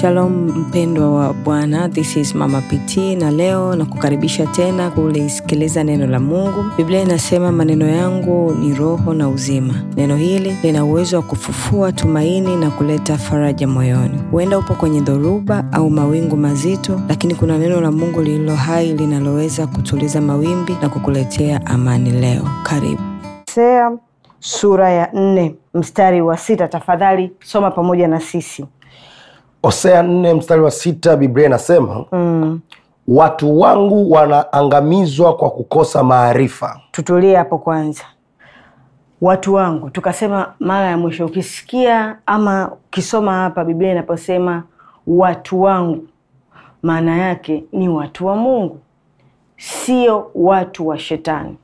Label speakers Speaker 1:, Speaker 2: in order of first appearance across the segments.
Speaker 1: Shalom mpendwa wa Bwana, this is Mama PT na leo kukaribisha tena kulisikiliza neno la Mungu. Biblia inasema maneno yangu ni roho na uzima. Neno hili lina uwezo wa kufufua tumaini na kuleta faraja moyoni. Huenda upo kwenye dhoruba au mawingu mazito, lakini kuna neno la Mungu lililo hai linaloweza kutuliza mawimbi na kukuletea amani leo. Karibu Sea sura ya nne mstari wa sita. Tafadhali soma pamoja na sisi.
Speaker 2: Hosea nne mstari wa sita Biblia inasema mm. watu wangu wanaangamizwa kwa kukosa maarifa.
Speaker 1: Tutulie hapo kwanza, watu wangu tukasema mara ya mwisho. Ukisikia ama ukisoma hapa Biblia inaposema watu wangu, maana yake ni watu wa Mungu, sio watu wa Shetani.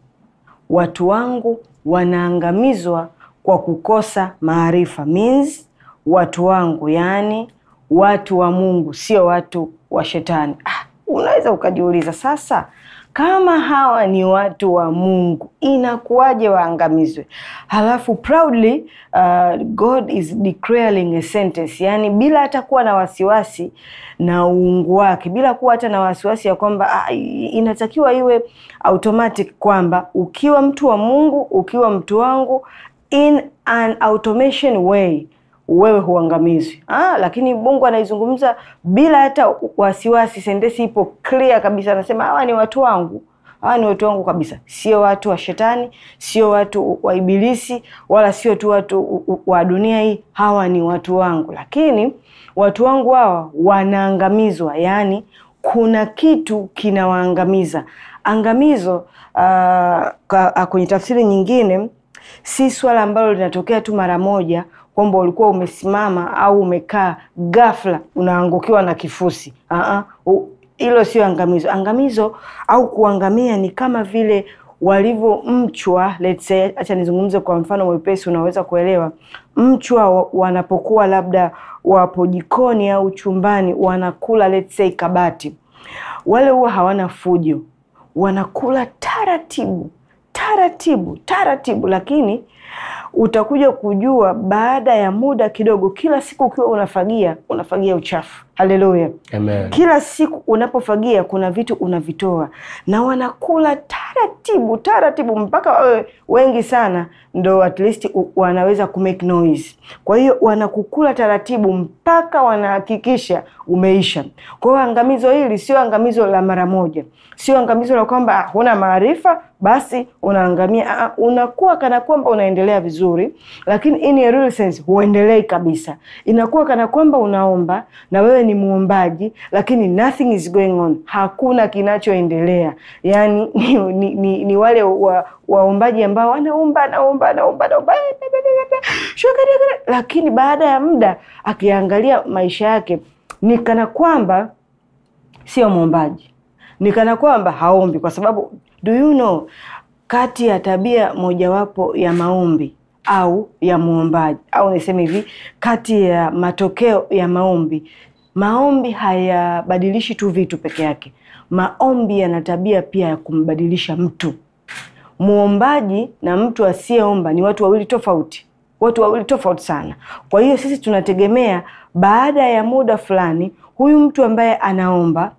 Speaker 1: Watu wangu wanaangamizwa kwa kukosa maarifa, means watu wangu yani watu wa Mungu, sio watu wa shetani. Ah, unaweza ukajiuliza sasa, kama hawa ni watu wa Mungu inakuwaje waangamizwe? Halafu proudly uh, God is declaring a sentence, yani bila hata kuwa na wasiwasi na uungu wake, bila kuwa hata na wasiwasi ya kwamba uh, inatakiwa iwe automatic kwamba ukiwa mtu wa Mungu, ukiwa mtu wangu in an automation way wewe huangamizwi. Ah, lakini Mungu anaizungumza bila hata wasiwasi. Sentensi ipo clear kabisa, anasema hawa ni watu wangu, hawa ni watu wangu kabisa, sio watu wa shetani, sio watu wa Ibilisi, wala sio tu watu wa dunia hii. Hawa ni watu wangu, lakini watu wangu hawa wanaangamizwa, yaani kuna kitu kinawaangamiza. Angamizo uh, kwenye tafsiri nyingine si swala ambalo linatokea tu mara moja kwamba ulikuwa umesimama au umekaa ghafla unaangukiwa na kifusi. Hilo uh sio angamizo. Angamizo au kuangamia ni kama vile walivyomchwa, let's say, acha nizungumze kwa mfano mwepesi unaweza kuelewa. Mchwa wanapokuwa labda wapo jikoni au chumbani wanakula let's say kabati, wale huwa hawana fujo, wanakula taratibu taratibu taratibu, lakini utakuja kujua baada ya muda kidogo. Kila siku ukiwa unafagia, unafagia uchafu Haleluya. Amen. Kila siku unapofagia kuna vitu unavitoa na wanakula taratibu taratibu mpaka wawe wengi sana ndo at least wanaweza ku noise. Kwa hiyo wanakukula taratibu mpaka wanahakikisha umeisha. Kwa hiyo angamizo hili sio angamizo la mara moja, sio angamizo la kwamba ah, huna maarifa basi unaangamia. Ah, ah, unakuwa kana kwamba unaendelea vizuri, lakini in a real sense huendelei kabisa. Inakuwa kana kwamba unaomba na wewe wewe ni muombaji, lakini nothing is going on, hakuna kinachoendelea. Yani ni, ni, ni, ni wale wa, waombaji ambao wanaomba naomba naomba naomba lakini baada ya muda akiangalia maisha yake ni kana kwamba sio mwombaji, ni kana kwamba haombi, kwa sababu do you know, kati ya tabia mojawapo ya maombi au ya muombaji au niseme hivi, kati ya matokeo ya maombi Maombi hayabadilishi tu vitu peke yake, maombi yana tabia pia ya kumbadilisha mtu. mwombaji na mtu asiyeomba ni watu wawili tofauti, watu wawili tofauti sana. Kwa hiyo sisi tunategemea baada ya muda fulani, huyu mtu ambaye anaomba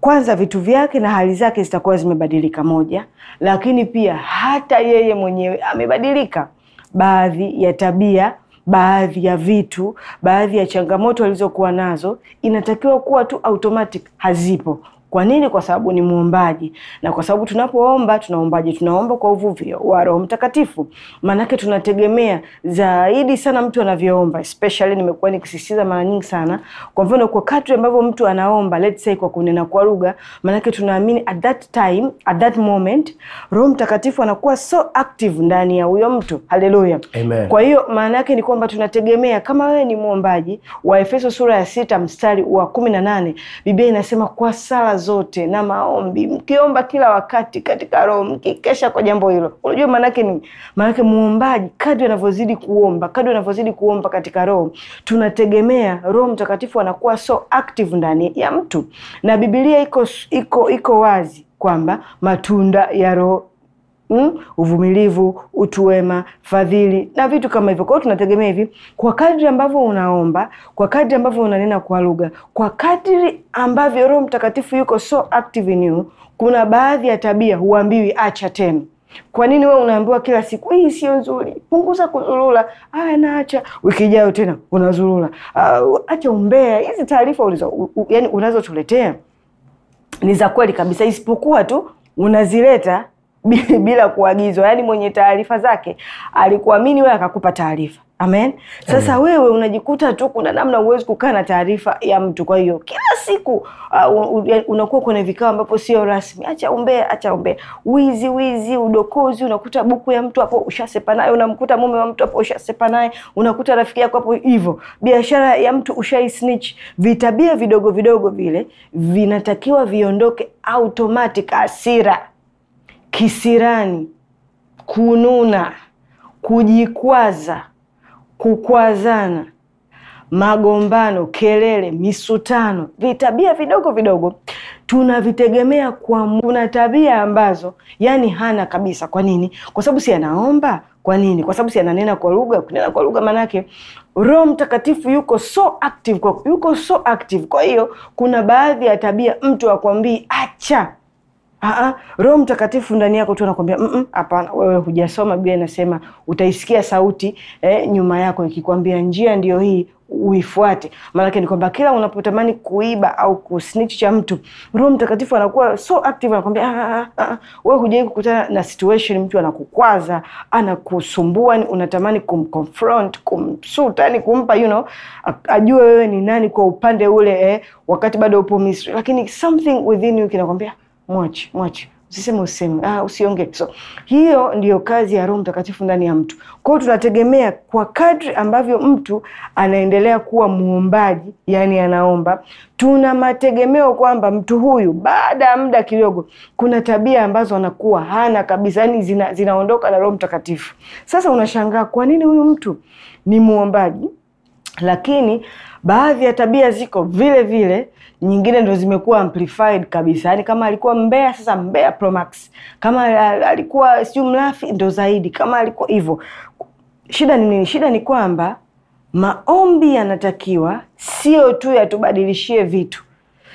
Speaker 1: kwanza vitu vyake na hali zake zitakuwa zimebadilika, moja, lakini pia hata yeye mwenyewe amebadilika, baadhi ya tabia baadhi ya vitu, baadhi ya changamoto walizokuwa nazo, inatakiwa kuwa tu automatic hazipo, kwa nini? Kwa sababu ni muombaji, na kwa sababu tunapoomba tunaombaje? Tunaomba kwa uvuvio wa Roho Mtakatifu, maanake tunategemea zaidi sana mtu anavyoomba. Especially nimekuwa nikisisitiza mara nyingi sana, kwa mfano, kwa kadri ambavyo mtu anaomba, let's say kwa kunena kwa lugha, maanake tunaamini at that time, at that moment Roho Mtakatifu anakuwa so active ndani ya huyo mtu. Haleluya! Kwa hiyo maana yake ni kwamba tunategemea, kama wewe ni muombaji wa Efeso sura ya sita mstari wa kumi na nane Biblia inasema kwa sala zote na maombi, mkiomba kila wakati katika roho, mkikesha kwa jambo hilo. Unajua maanake ni maanake, muombaji kadri anavyozidi kuomba, kadri anavyozidi kuomba katika roho, tunategemea Roho Mtakatifu anakuwa so active ndani ya mtu, na Biblia iko iko iko wazi kwamba matunda ya Roho mm, uvumilivu, utu wema, fadhili na vitu kama hivyo. Kwa hiyo tunategemea hivi, kwa kadri ambavyo unaomba, kwa kadri ambavyo unanena kwa lugha, kwa kadri ambavyo Roho Mtakatifu yuko so active in you, kuna baadhi ya tabia huambiwi acha tena. Kwa nini wewe unaambiwa kila siku hii sio nzuri, punguza kuzurura? Aya, naacha, wiki ijayo tena unazurura. Ah, acha umbea. Hizi taarifa yani unazotuletea ni za kweli kabisa, isipokuwa tu unazileta bila kuagizwa, yaani mwenye taarifa zake alikuamini wewe akakupa taarifa. Amen. Sasa Amen. Wewe unajikuta tu kuna namna huwezi kukaa na taarifa ya mtu. Kwa hiyo kila siku uh, unakuwa kwenye vikao ambapo sio rasmi, acha umbea, acha umbea, wizi, wizi, udokozi. Unakuta buku ya mtu hapo ushasepa naye, unamkuta mume wa mtu hapo ushasepa naye, unakuta rafiki yako hapo hivyo, biashara ya mtu ushaisnitch. Vitabia vidogo vidogo vile vinatakiwa viondoke automatic, asira kisirani, kununa, kujikwaza, kukwazana, magombano, kelele, misutano, vitabia vidogo vidogo tunavitegemea kwa kuna tabia ambazo yani hana kabisa. Kwa nini? Kwa sababu si anaomba. Kwa nini? Kwa sababu si ananena kwa lugha. Kunena kwa lugha maanake Roho Mtakatifu yuko so active kwa, yuko so active. Kwa hiyo kuna baadhi ya tabia mtu akwambii acha Aa, ah, ah, Roho Mtakatifu ndani yako tu anakwambia mm, mm, hapana, mm wewe hujasoma. Biblia inasema utaisikia sauti eh, nyuma yako ikikwambia njia ndiyo hii uifuate. Maanake ni kwamba kila unapotamani kuiba au kusnitch cha mtu, Roho Mtakatifu anakuwa so active, anakwambia ah, wewe hujai kukutana na situation, mtu anakukwaza, anakusumbua, unatamani kumconfront, kumsuta, yani kumpa you know, ajue wewe ni nani kwa upande ule eh, wakati bado upo Misri, lakini something within you kinakwambia mwache mwache, usiseme useme, ah, usiongee. So hiyo ndiyo kazi ya Roho Mtakatifu ndani ya mtu. Kwa hiyo tunategemea kwa kadri ambavyo mtu anaendelea kuwa muombaji, yani anaomba, tuna mategemeo kwamba mtu huyu baada ya muda kidogo, kuna tabia ambazo anakuwa hana kabisa, yani zina, zinaondoka na Roho Mtakatifu. Sasa unashangaa kwa nini huyu mtu ni muombaji lakini baadhi ya tabia ziko vile vile nyingine ndo zimekuwa amplified kabisa, yani kama alikuwa mbea sasa mbea promax kama alikuwa siu mrafi ndo zaidi, kama alikuwa hivyo. Shida ni nini? Shida ni kwamba maombi yanatakiwa sio tu yatubadilishie vitu,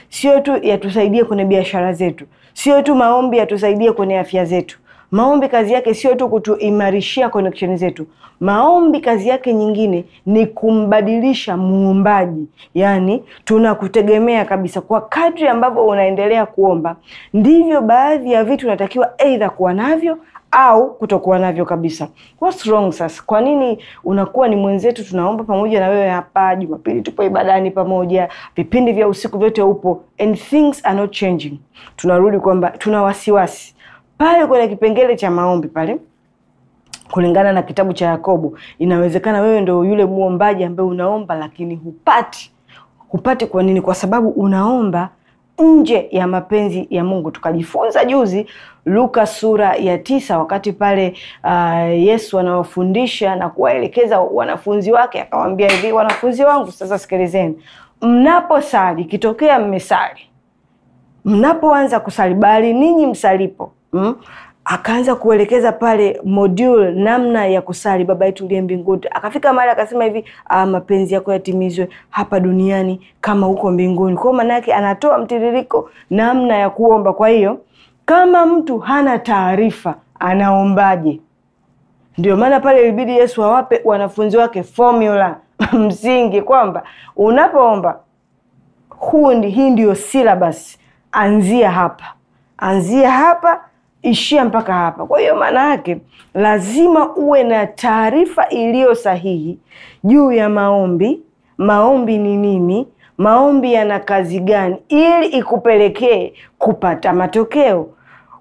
Speaker 1: sio tu yatusaidie kwenye biashara zetu, sio tu maombi yatusaidie kwenye afya zetu Maombi kazi yake sio tu kutuimarishia connection zetu. Maombi kazi yake nyingine ni kumbadilisha muombaji, yaani tunakutegemea kabisa. Kwa kadri ambavyo unaendelea kuomba, ndivyo baadhi ya vitu unatakiwa aidha kuwa navyo au kutokuwa navyo kabisa. What's wrong sasa? Kwa nini unakuwa ni mwenzetu, tunaomba pamoja na wewe hapa, Jumapili tupo ibadani pamoja, vipindi vya usiku vyote upo, and things are not changing. Tunarudi kwamba tuna wasiwasi pale kwenye kipengele cha maombi pale kulingana na kitabu cha Yakobo, inawezekana wewe ndio yule muombaji ambaye unaomba lakini hupati. Hupati kwa nini? Kwa sababu unaomba nje ya mapenzi ya Mungu. Tukajifunza juzi Luka sura ya tisa, wakati pale uh, Yesu anawafundisha na kuwaelekeza wanafunzi wake, akawaambia hivi, wanafunzi wangu, sasa sikilizeni, mnaposali, ikitokea mmesali, mnapoanza kusali, bali ninyi msalipo mm? Akaanza kuelekeza pale module namna ya kusali Baba yetu uliye mbinguni. Akafika mahali akasema hivi, ah, mapenzi yako yatimizwe hapa duniani kama huko mbinguni. Kwa maana yake anatoa mtiririko namna ya kuomba. Kwa hiyo kama mtu hana taarifa anaombaje? Ndio maana pale ilibidi Yesu awape wanafunzi wake formula msingi kwamba unapoomba huu ndi, hii ndiyo syllabus, anzia hapa, anzia hapa ishia mpaka hapa. Kwa hiyo maana yake lazima uwe na taarifa iliyo sahihi juu ya maombi, maombi ni nini, maombi yana kazi gani, ili ikupelekee kupata matokeo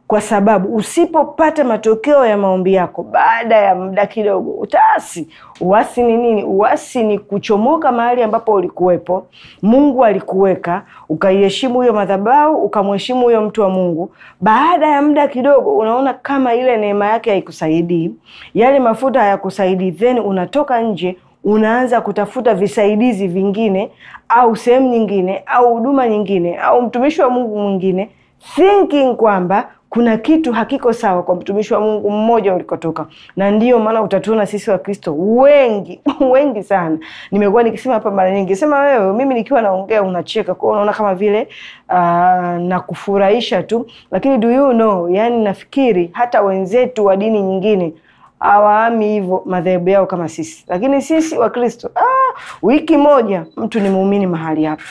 Speaker 1: kwa sababu usipopata matokeo ya maombi yako baada ya muda kidogo utaasi. Uasi ni nini? Uasi ni kuchomoka mahali ambapo ulikuwepo, Mungu alikuweka, ukaiheshimu hiyo madhabahu, ukamheshimu huyo mtu wa Mungu. Baada ya muda kidogo, unaona kama ile neema yake haikusaidii, yale mafuta hayakusaidii, then unatoka nje unaanza kutafuta visaidizi vingine au sehemu nyingine au huduma nyingine au mtumishi wa Mungu mwingine thinking kwamba kuna kitu hakiko sawa kwa mtumishi wa Mungu mmoja ulikotoka, na ndiyo maana utatuona sisi Wakristo wengi wengi sana. Nimekuwa nikisema hapa mara nyingi, sema wewe, mimi nikiwa naongea unacheka, kwao unaona kama vile uh, ah, nakufurahisha tu, lakini do you know, yani nafikiri hata wenzetu wa dini nyingine awaami hivyo madhehebu yao kama sisi, lakini sisi Wakristo ah, wiki moja mtu ni muumini mahali hapa,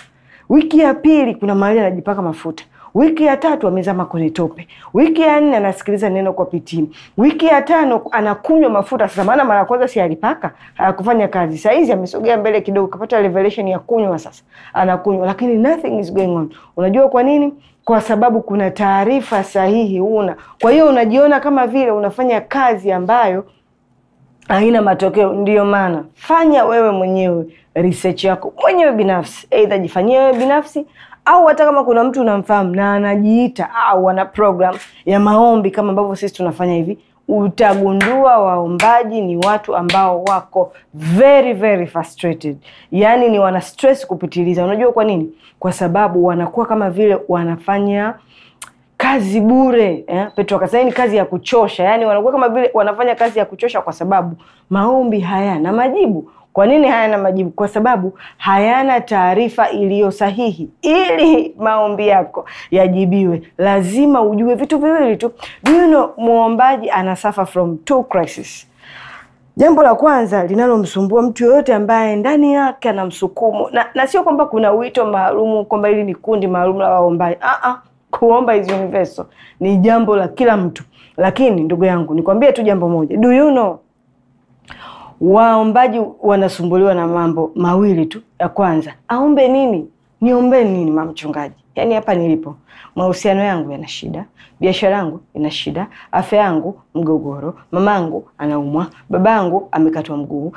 Speaker 1: wiki ya pili kuna mahali anajipaka mafuta wiki ya tatu amezama kwenye tope, wiki ya nne anasikiliza neno kwa pitii, wiki ya tano anakunywa mafuta. Sasa maana mara ya kwanza si alipaka hakufanya kazi, saizi amesogea mbele kidogo, kapata revelation ya kunywa, sasa anakunywa, lakini nothing is going on. Unajua kwa nini? Kwa sababu kuna taarifa sahihi una. Kwa hiyo unajiona kama vile unafanya kazi ambayo haina matokeo. Ndiyo maana fanya wewe mwenyewe research yako mwenyewe binafsi, aidha jifanyie wewe binafsi au hata kama kuna mtu unamfahamu na anajiita au ana program ya maombi kama ambavyo sisi tunafanya hivi, utagundua waombaji ni watu ambao wako very very frustrated, yani ni wana stress kupitiliza. Unajua kwa nini? Kwa sababu wanakuwa kama vile wanafanya kazi bure eh? Petro akasema ni kazi ya kuchosha, yani wanakuwa kama vile wanafanya kazi ya kuchosha, kwa sababu maombi hayana majibu. Kwa nini hayana majibu? Kwa sababu hayana taarifa iliyo sahihi. Ili maombi yako yajibiwe, lazima ujue vitu viwili tu. you know, mwombaji ana suffer from two crisis. Jambo la kwanza linalomsumbua mtu yoyote ambaye ndani yake ana msukumo na, na sio kwamba kuna wito maalum kwamba hili ni kundi maalum la waombaji. Ah ah, kuomba is universal, ni jambo la kila mtu. Lakini ndugu yangu, nikwambie tu jambo moja, do you know Waombaji wanasumbuliwa na mambo mawili tu. Ya kwanza, aombe nini? Niombe nini, mamchungaji? mchungaji? yani hapa nilipo, mahusiano yangu yana shida, biashara yangu ina shida, afya yangu mgogoro, mama anaumwa, baba yangu amekatwa mguu,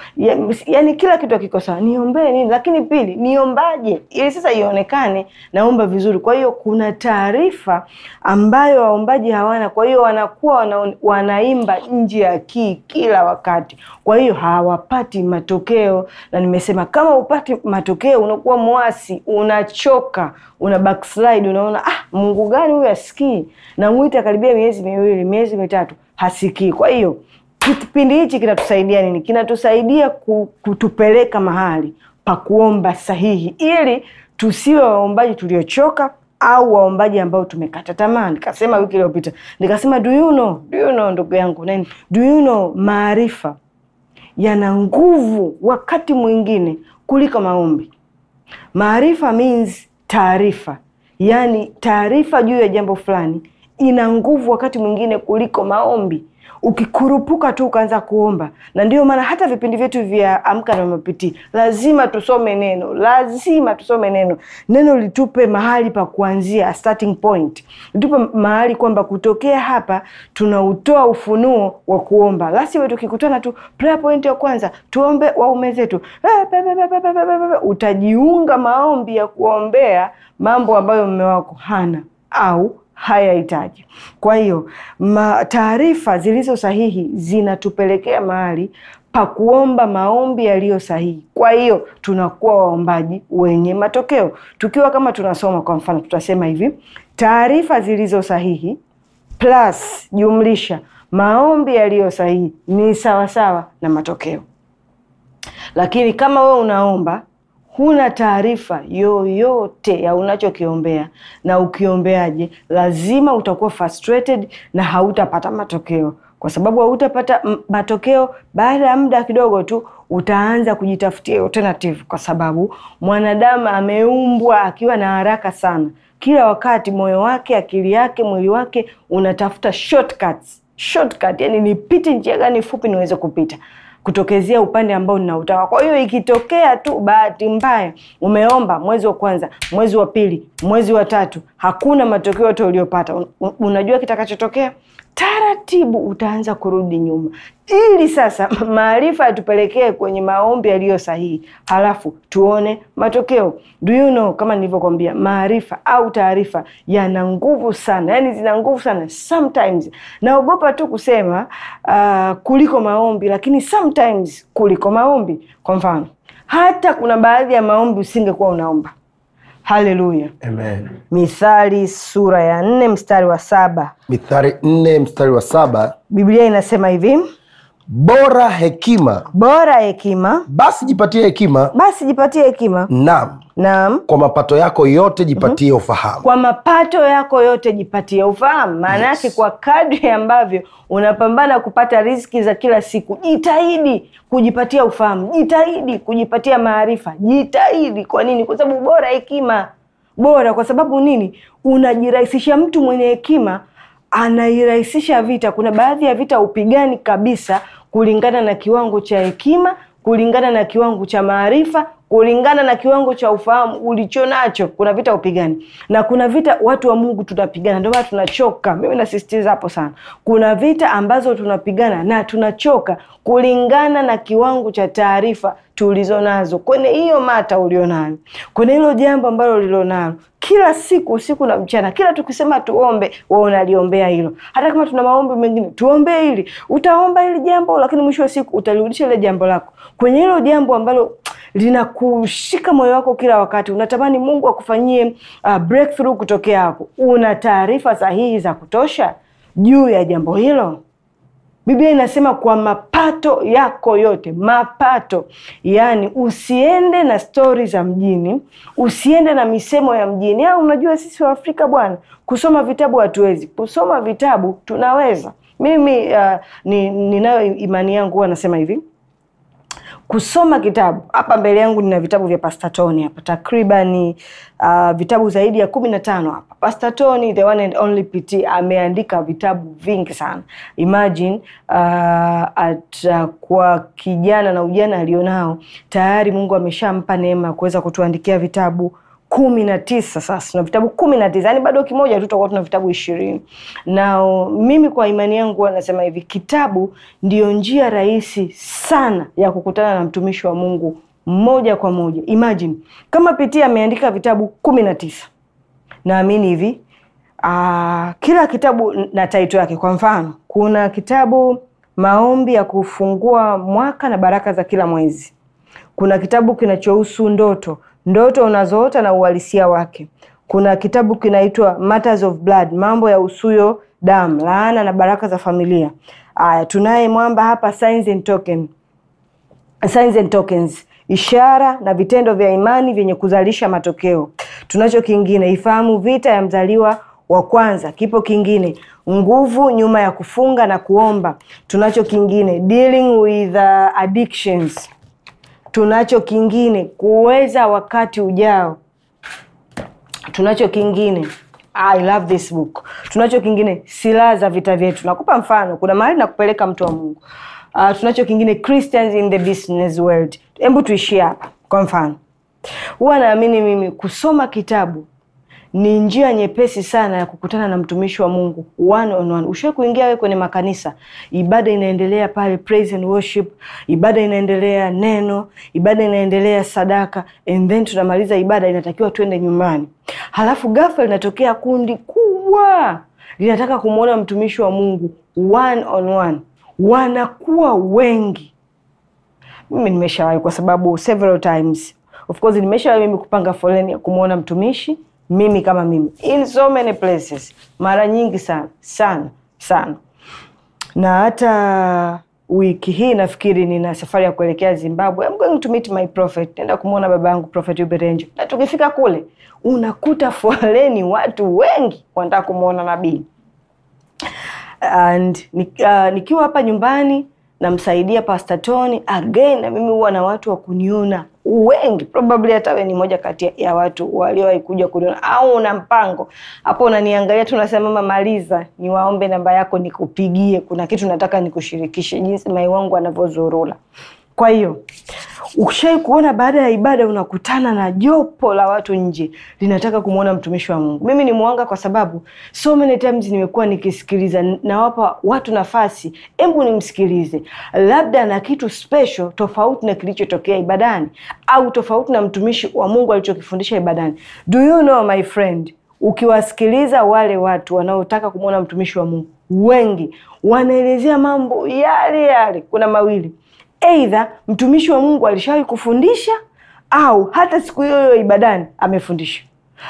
Speaker 1: yani kila kitu akikosa niombee nini. Lakini pili, niombaje ili sasa ionekane naomba vizuri? Kwa hiyo kuna taarifa ambayo waombaji hawana, kwa hiyo wanakuwa wana, wanaimba nje ya kii kila wakati, kwa hiyo hawapati matokeo. Na nimesema kama upati matokeo unakuwa mwasi, unachoka, una backslide, unaona ah, Mungu gani huyu asikii? Na karibia miezi miwili, miezi mitatu hasikii. Kwa hiyo kipindi hichi kinatusaidia nini? Kinatusaidia kutupeleka mahali pa kuomba sahihi, ili tusiwe waombaji tuliochoka au waombaji ambao tumekata tamaa. Nikasema wiki iliyopita, nikasema do you know, do you know, ndugu yangu nani, do you know, maarifa yana nguvu wakati mwingine kuliko maombi. Maarifa means taarifa. Yaani taarifa juu ya jambo fulani ina nguvu wakati mwingine kuliko maombi ukikurupuka tu ukaanza kuomba. Na ndiyo maana hata vipindi vyetu vya Amka na mapitii lazima tusome neno, lazima tusome neno. Neno litupe mahali pa kuanzia, starting point, litupe mahali kwamba kutokea hapa tunautoa ufunuo wa kuomba, lasi wetu tukikutana tu prayer point ya kwanza tuombe waume zetu, utajiunga maombi ya kuombea mambo ambayo mme wako hana au hayahitaji. Kwa hiyo taarifa zilizo sahihi zinatupelekea mahali pa kuomba maombi yaliyo sahihi. Kwa hiyo tunakuwa waombaji wenye matokeo. Tukiwa kama tunasoma, kwa mfano, tutasema hivi: taarifa zilizo sahihi plus jumlisha maombi yaliyo sahihi ni sawasawa na matokeo. Lakini kama wewe unaomba huna taarifa yoyote ya unachokiombea, na ukiombeaje, lazima utakuwa frustrated na hautapata matokeo, kwa sababu hautapata matokeo. Baada ya muda kidogo tu utaanza kujitafutia alternative, kwa sababu mwanadamu ameumbwa akiwa na haraka sana. Kila wakati moyo wake, akili yake, mwili wake unatafuta shortcuts. Shortcut, yani nipite njia gani fupi niweze kupita kutokezea upande ambao ninautaka. Kwa hiyo ikitokea tu bahati mbaya umeomba mwezi wa kwanza, mwezi wa pili, mwezi wa tatu, hakuna matokeo yote uliyopata, unajua kitakachotokea? taratibu utaanza kurudi nyuma, ili sasa maarifa yatupelekee kwenye maombi yaliyo sahihi, halafu tuone matokeo. Do you know, kama nilivyokwambia, maarifa au taarifa yana nguvu sana, yani zina nguvu sana. Sometimes naogopa tu kusema uh, kuliko maombi, lakini sometimes kuliko maombi. Kwa mfano, hata kuna baadhi ya maombi usingekuwa unaomba haleluya mithari mithali sura ya nne mstari wa saba
Speaker 2: mithari nne mstari wa saba
Speaker 1: biblia inasema hivi Bora hekima,
Speaker 2: bora hekima, basi jipatie hekima, basi jipatie hekima. nam nam Kwa mapato yako yote jipatie mm -hmm. ufahamu.
Speaker 1: Kwa mapato yako yote jipatie ufahamu, maana yake yes. Kwa kadri ambavyo unapambana kupata riski za kila siku, jitahidi kujipatia ufahamu, jitahidi kujipatia maarifa, jitahidi. Kwa nini? Kwa sababu bora hekima, bora kwa sababu nini? Unajirahisisha. Mtu mwenye hekima anairahisisha vita. Kuna baadhi ya vita upigani kabisa kulingana na kiwango cha hekima, kulingana na kiwango cha maarifa, kulingana na kiwango cha ufahamu ulicho nacho. Kuna vita upigani na kuna vita watu wa Mungu tunapigana, ndio maana tunachoka. Mimi nasisitiza hapo sana. Kuna vita ambazo tunapigana na tunachoka kulingana na kiwango cha taarifa tulizonazo kwenye hiyo mata ulionayo, kwenye hilo jambo ambalo ulilonalo kila siku usiku na mchana, kila tukisema tuombe, wewe unaliombea hilo. Hata kama tuna maombi mengine, tuombe hili, utaomba hili jambo, lakini mwisho wa siku utalirudisha ile jambo lako kwenye hilo jambo ambalo linakushika moyo wako kila wakati, unatamani Mungu akufanyie uh, breakthrough kutokea hapo. Una taarifa sahihi za kutosha juu ya jambo hilo? Biblia inasema kwa mapato yako yote, mapato yani usiende na stori za mjini, usiende na misemo ya mjini. Au unajua sisi Waafrika bwana, kusoma vitabu hatuwezi. Kusoma vitabu tunaweza. Mimi uh, ninayo ni imani yangu huwa nasema hivi kusoma kitabu hapa mbele yangu nina vitabu vya pastatoni hapa takribani uh, vitabu zaidi ya kumi na tano hapa pastatoni the one and only pt ameandika vitabu vingi sana imagine uh, atakuwa uh, kijana na ujana alionao tayari mungu ameshampa neema ya kuweza kutuandikia vitabu kumi na tisa sasa na vitabu kumi na tisa yani bado kimoja tu tutakuwa tuna vitabu ishirini na mimi kwa imani yangu anasema hivi kitabu ndiyo njia rahisi sana ya kukutana na mtumishi wa mungu moja kwa moja imagine kama pitia ameandika vitabu kumi na tisa naamini hivi aa, ah, kila kitabu na taito yake kwa mfano kuna kitabu maombi ya kufungua mwaka na baraka za kila mwezi kuna kitabu kinachohusu ndoto ndoto unazoota na uhalisia wake. Kuna kitabu kinaitwa Matters of Blood, mambo ya usuyo damu, laana na baraka za familia. Aya, tunaye mwamba hapa Signs and Token. Signs and Tokens, ishara na vitendo vya imani vyenye kuzalisha matokeo. Tunacho kingine, ifahamu vita ya mzaliwa wa kwanza. Kipo kingine, nguvu nyuma ya kufunga na kuomba. Tunacho kingine, dealing with addictions tunacho kingine kuweza wakati ujao tunacho kingine I love this book. Tunacho kingine silaha za vita vyetu. Nakupa mfano, kuna mahali nakupeleka mtu wa Mungu. Uh, tunacho kingine Christians in the business world. Hebu tuishie hapa kwa mfano. Huwa naamini mimi kusoma kitabu ni njia nyepesi sana ya kukutana na mtumishi wa Mungu one on one. Ushawahi kuingia wewe kwenye makanisa, ibada inaendelea pale, praise and worship, ibada inaendelea, neno, ibada inaendelea, sadaka, and then tunamaliza ibada, inatakiwa twende nyumbani. Halafu ghafla linatokea kundi kubwa linataka kumwona mtumishi wa Mungu one on one, wanakuwa wengi. Mimi nimeshawahi kwa sababu several times, of course nimeshawahi mimi kupanga foleni ya kumwona mtumishi mimi kama mimi in so many places mara nyingi sana sana sana na hata wiki hii nafikiri nina safari ya kuelekea zimbabwe I'm going to meet my prophet naenda kumwona baba yangu prophet uberenjo na tukifika kule unakuta foleni watu wengi wanataka kumwona nabii and uh, nikiwa hapa nyumbani namsaidia Pasta Tony again, na mimi huwa na watu wa kuniona wengi, probably hata wewe ni moja kati ya watu waliowahi kuja kuniona, au una mpango hapo, unaniangalia tu unasema mama, maliza, niwaombe namba yako nikupigie, kuna kitu nataka nikushirikishe, jinsi mai wangu anavyozurula. Kwa hiyo ukishai kuona baada ya ibada unakutana na jopo la watu nje linataka kumwona mtumishi wa Mungu. Mimi ni mwanga kwa sababu so many times nimekuwa nikisikiliza, nawapa watu nafasi, hebu nimsikilize, labda na kitu special tofauti na kilichotokea ibadani au tofauti na mtumishi wa Mungu alichokifundisha ibadani. Do you know my friend, ukiwasikiliza wale watu wanaotaka kumwona mtumishi wa Mungu, wengi wanaelezea mambo yale yale. Kuna mawili eidha mtumishi wa Mungu alishawahi kufundisha au hata siku hiyo hiyo ibadani amefundisha,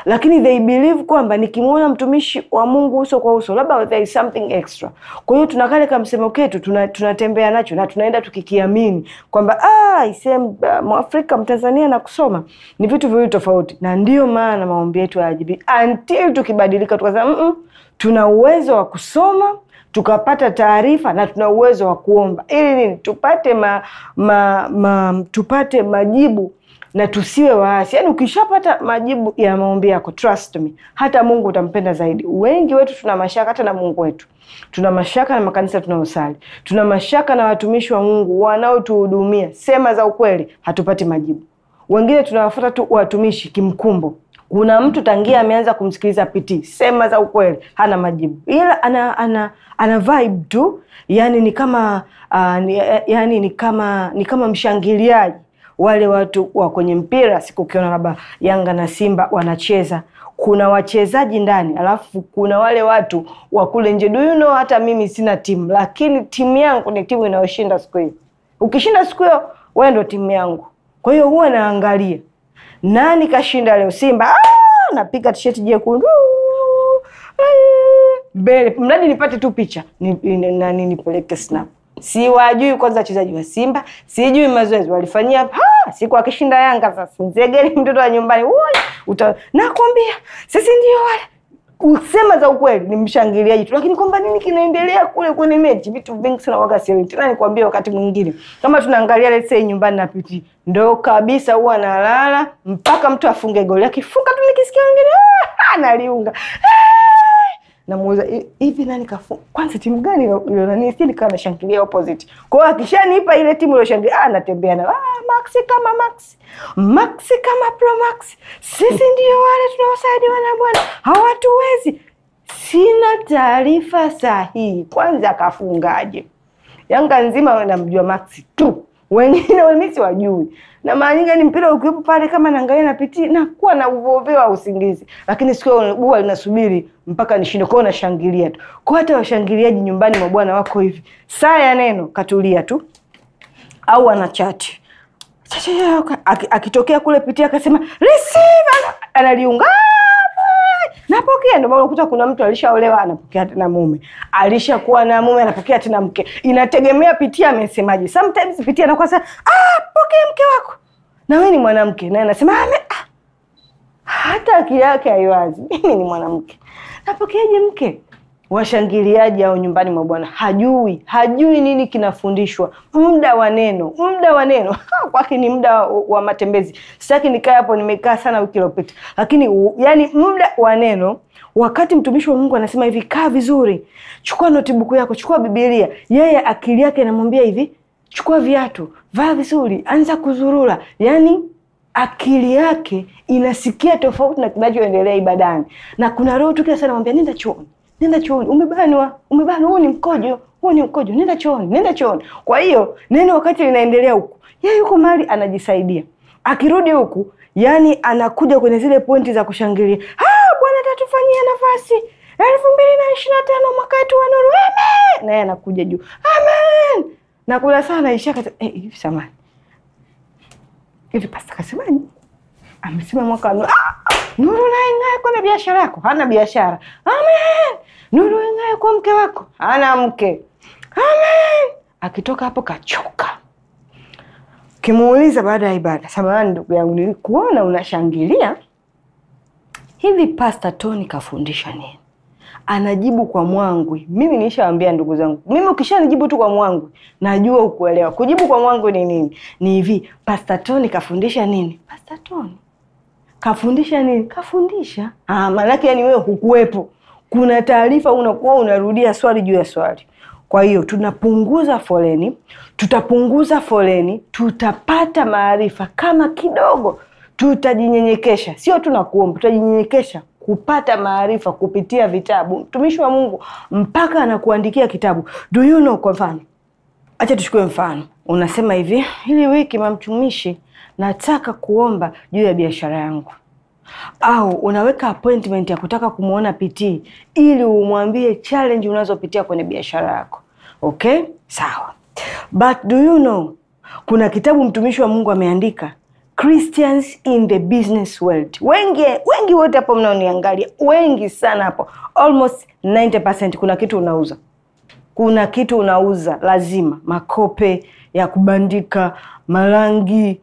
Speaker 1: lakini they believe kwamba nikimwona mtumishi wa Mungu uso kwa uso, labda there is something extra. Kwa hiyo tunakale kama msemo ketu tunatembea tuna nacho na tunaenda tukikiamini kwamba ah, isem uh, Mwafrika Mtanzania na kusoma ni vitu viwili tofauti, na ndiyo maana maombi yetu hayajibi until tukibadilika tukasema, mm -mm, tuna uwezo wa kusoma tukapata taarifa na tuna uwezo wa kuomba ili nini tupate ma, ma, ma, tupate majibu na tusiwe waasi. Yaani, ukishapata majibu ya maombi yako, trust me, hata Mungu utampenda zaidi. Wengi wetu tuna mashaka hata na Mungu wetu, tuna mashaka na makanisa tunayosali, tuna mashaka na watumishi wa Mungu wanaotuhudumia. Sema za ukweli, hatupati majibu. Wengine tunawafuta tu watumishi kimkumbo kuna mtu tangia ameanza kumsikiliza PT, sema za ukweli hana majibu, ila ana ana ana vibe tu, yani ni kama uh, ni, yani ni kama ni kama mshangiliaji wale watu wa kwenye mpira. Siku ukiona labda Yanga na Simba wanacheza kuna wachezaji ndani, alafu kuna wale watu wa kule nje. Do you know, hata mimi sina timu, lakini timu yangu ni timu inayoshinda siku hiyo. Ukishinda siku hiyo, wewe ndio timu yangu. Kwa hiyo huwa naangalia nani kashinda leo Simba? Ah, napika tisheti jekundu mbele, eh, mradi nipate tu picha nani nipeleke snap. Siwajui kwanza wachezaji wa Simba, sijui mazoezi walifanyia ah, siku akishinda Yanga. Sasa nzegeli mtoto wa nyumbani, nakwambia sisi ndio wale kusema za ukweli ni mshangiliaji tu, lakini kwamba nini kinaendelea kule kwenye mechi, vitu vingi sana waga sielewi. Tena nikwambie, wakati mwingine kama tunaangalia let's nyumbani na piti, ndo kabisa huwa analala mpaka mtu afunge goli, akifunga tu nikisikia wengine ah, naliunga ah, namuuliza hivi nani kafu kwanza timu gani ile nani si nikawa nashangilia opposite kwa hiyo akishanipa ile timu ile shangilia ah natembea na ah Maxi kama Maxi Maxi kama Pro Max sisi ndio wale tunaosaidiwa na bwana hawatuwezi sina taarifa sahihi kwanza akafungaje Yanga nzima namjua Maxi tu wengine wewe mimi wajui, na mara nyingi ni mpira ukiwepo pale, kama naangalia napitia, nakuwa na uvovewa usingizi, lakini sio bua linasubiri mpaka nishinde. Kwao nashangilia tu, kwa hata washangiliaji nyumbani mwa bwana wako hivi, saa ya neno katulia tu, au anachati akitokea kule pitia, akasema receive, analiunga napokea. Ndio maana unakuta kuna mtu alishaolewa anapokea tena mume, alishakuwa na mume anapokea tena mke. Inategemea Pitia amesemaje. Sometimes Pitia anakuwa sasa, ah, pokea mke wako na wewe ni mwanamke, naye anasema ah, ah. hata akili yake haiwazi, mimi ni mwanamke, napokeaje mke? washangiliaji au nyumbani mwa Bwana hajui, hajui nini kinafundishwa. Muda wa neno, muda wa neno kwake ni muda wa matembezi. Sitaki nikae hapo, nimekaa sana wiki iliyopita, lakini yani muda wa neno, wakati mtumishi wa Mungu anasema hivi, kaa vizuri, chukua notibuku yako, chukua Biblia, yeye akili yake inamwambia hivi, chukua viatu, vaa vizuri, anza kuzurura, yani akili yake inasikia tofauti na kinachoendelea ibadani, na kuna roho tu kila sana anamwambia nenda chooni nenda chooni, umebanwa, umebanwa, huu ni mkojo, huu ni mkojo, nenda chooni, nenda chooni. Kwa hiyo neno wakati linaendelea huku, yeye yuko mali anajisaidia, akirudi huku, yani anakuja kwenye zile pointi za kushangilia, ah, bwana tatufanyia nafasi elfu mbili na ishirini na tano mwaka wetu wa nuru, amen. Naye anakuja juu, amen. Na kuna saa anaishia kata, eh, hivi samani hivi, pasta kasemaje? Amesema mwaka wa nuru. Ah, nuru naye naye, kuna biashara yako? Hana biashara, amen. Nuru naye kwa mke wako ana mke. Amen. Akitoka hapo kachoka. Kimuuliza baada ya ibada, samahani ndugu yangu, nilikuona unashangilia hivi, Pasta Tony kafundisha nini? Anajibu kwa mwangwi. Mimi nishawambia ndugu zangu, mimi ukishanijibu tu kwa mwangwi najua ukuelewa. Kujibu kwa mwangwi ni nini? Ni hivi, Pasta Tony kafundisha nini? Pasta Tony kafundisha nini? Kafundisha ah, maanake yani wewe hukuwepo kuna taarifa unakuwa unarudia swali juu ya swali. Kwa hiyo tunapunguza foleni, tutapunguza foleni, tutapata maarifa kama kidogo, tutajinyenyekesha, sio tu na kuomba, tutajinyenyekesha kupata maarifa kupitia vitabu. Mtumishi wa Mungu mpaka anakuandikia kitabu. Do you know, kwa mfano, acha tuchukue mfano, unasema hivi, hili wiki mamtumishi, nataka kuomba juu ya biashara yangu au unaweka appointment ya kutaka kumwona PT ili umwambie challenge unazopitia kwenye biashara yako. Okay, sawa. But do you know, kuna kitabu mtumishi wa Mungu ameandika Christians in the business world. Wengi wengi wote hapo mnaoniangalia, wengi sana hapo, almost 90% kuna kitu unauza kuna kitu unauza, lazima makope ya kubandika, marangi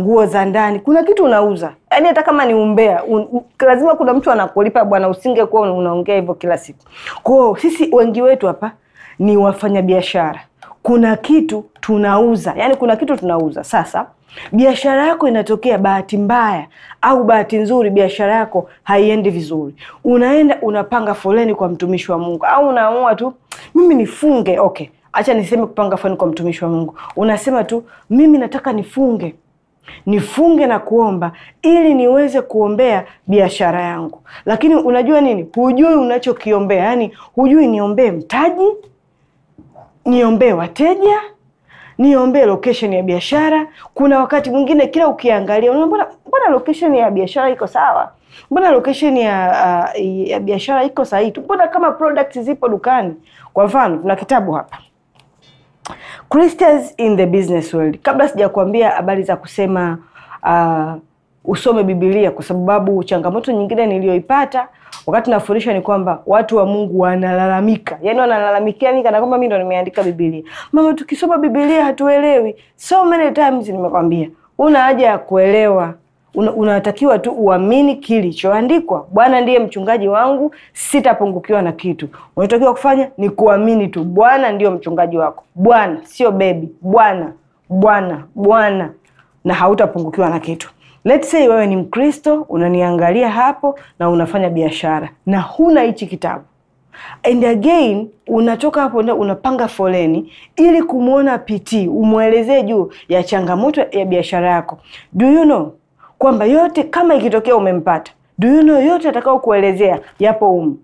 Speaker 1: nguo za ndani, kuna kitu unauza. Yaani hata kama ni umbea un, un, lazima kuna mtu anakulipa bwana, usingekuwa unaongea hivyo kila siku. Kwao sisi wengi wetu hapa ni wafanyabiashara, kuna kitu tunauza, yaani kuna kitu tunauza. Sasa biashara yako inatokea bahati mbaya au bahati nzuri, biashara yako haiendi vizuri, unaenda unapanga foleni kwa mtumishi wa Mungu au unaamua tu mimi nifunge. Okay, acha niseme kupanga fani kwa mtumishi wa Mungu, unasema tu mimi nataka nifunge nifunge na kuomba ili niweze kuombea biashara yangu. Lakini unajua nini? Hujui unachokiombea, yaani hujui niombee mtaji, niombee wateja, niombee location ya biashara. Kuna wakati mwingine kila ukiangalia mbona, mbona location ya biashara iko sawa, mbona location ya, uh, ya biashara iko sahihi tu, mbona kama products zipo dukani. Kwa mfano, tuna kitabu hapa Christians in the business world. Kabla sijakuambia habari za kusema uh, usome Biblia kwa sababu changamoto nyingine niliyoipata wakati nafundisha ni kwamba watu wa Mungu wanalalamika, yani wanalalamikia ni yaani kana kwamba mimi ndo nimeandika Biblia. Mama, tukisoma Biblia hatuelewi. So many times nimekwambia, una haja ya kuelewa unatakiwa tu uamini kilichoandikwa. Bwana ndiye mchungaji wangu, sitapungukiwa na kitu. unatakiwa kufanya ni kuamini tu. Bwana ndio mchungaji wako, Bwana sio bebi, Bwana, Bwana, Bwana, na hautapungukiwa na kitu. Let's say wewe ni Mkristo, unaniangalia hapo na unafanya biashara na huna hichi kitabu and again unatoka hapo ndio unapanga foleni ili kumwona PT umwelezee juu ya changamoto ya biashara yako. Do you know kwamba yote kama ikitokea umempata do you know, yote atakao kuelezea yapo umu.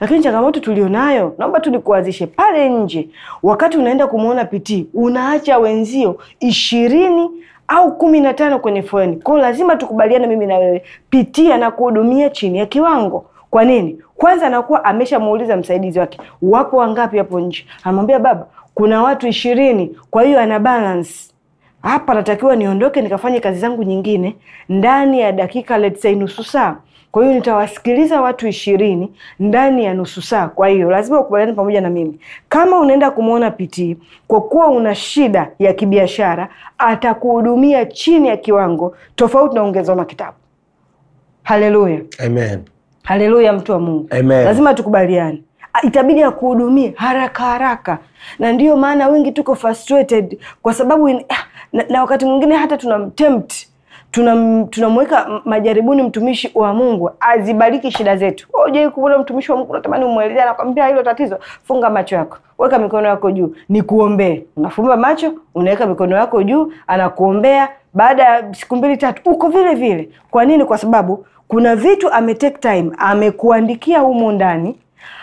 Speaker 1: Lakini changamoto tulionayo, naomba tu nikuwazishe pale nje. Wakati unaenda kumwona pitii, unaacha wenzio ishirini au kumi na tano kwenye foeni kwao lazima tukubaliane mimi na wewe, pitii anakuhudumia chini ya kiwango. Kwa nini? Kwanza anakuwa ameshamuuliza msaidizi wake, wapo wangapi hapo nje? Anamwambia baba, kuna watu ishirini. Kwa hiyo ana balansi hapa natakiwa niondoke nikafanye kazi zangu nyingine ndani ya dakika let's say nusu saa kwa hiyo nitawasikiliza watu ishirini ndani ya nusu saa. Kwa hiyo lazima ukubaliane pamoja na mimi, kama unaenda kumwona PT kwa kuwa una shida ya kibiashara, atakuhudumia chini ya kiwango tofauti na ungezoma kitabu. Haleluya, Haleluya, mtu wa Mungu, amen. Lazima tukubaliane ah, itabidi ya kuhudumia haraka haraka, na ndiyo maana wengi tuko frustrated kwa sababu in, ah, na, na wakati mwingine hata tunamtempt tunam, tunamweka majaribuni mtumishi wa Mungu azibariki shida zetu. Ujai kuona mtumishi wa Mungu unatamani umwelezea, anakwambia hilo tatizo, funga macho yako, weka mikono yako juu, nikuombee. Unafumba macho, unaweka mikono yako juu, anakuombea. Baada ya siku mbili tatu uko vile vile. Kwa nini? Kwa sababu kuna vitu ame take time, amekuandikia humo ndani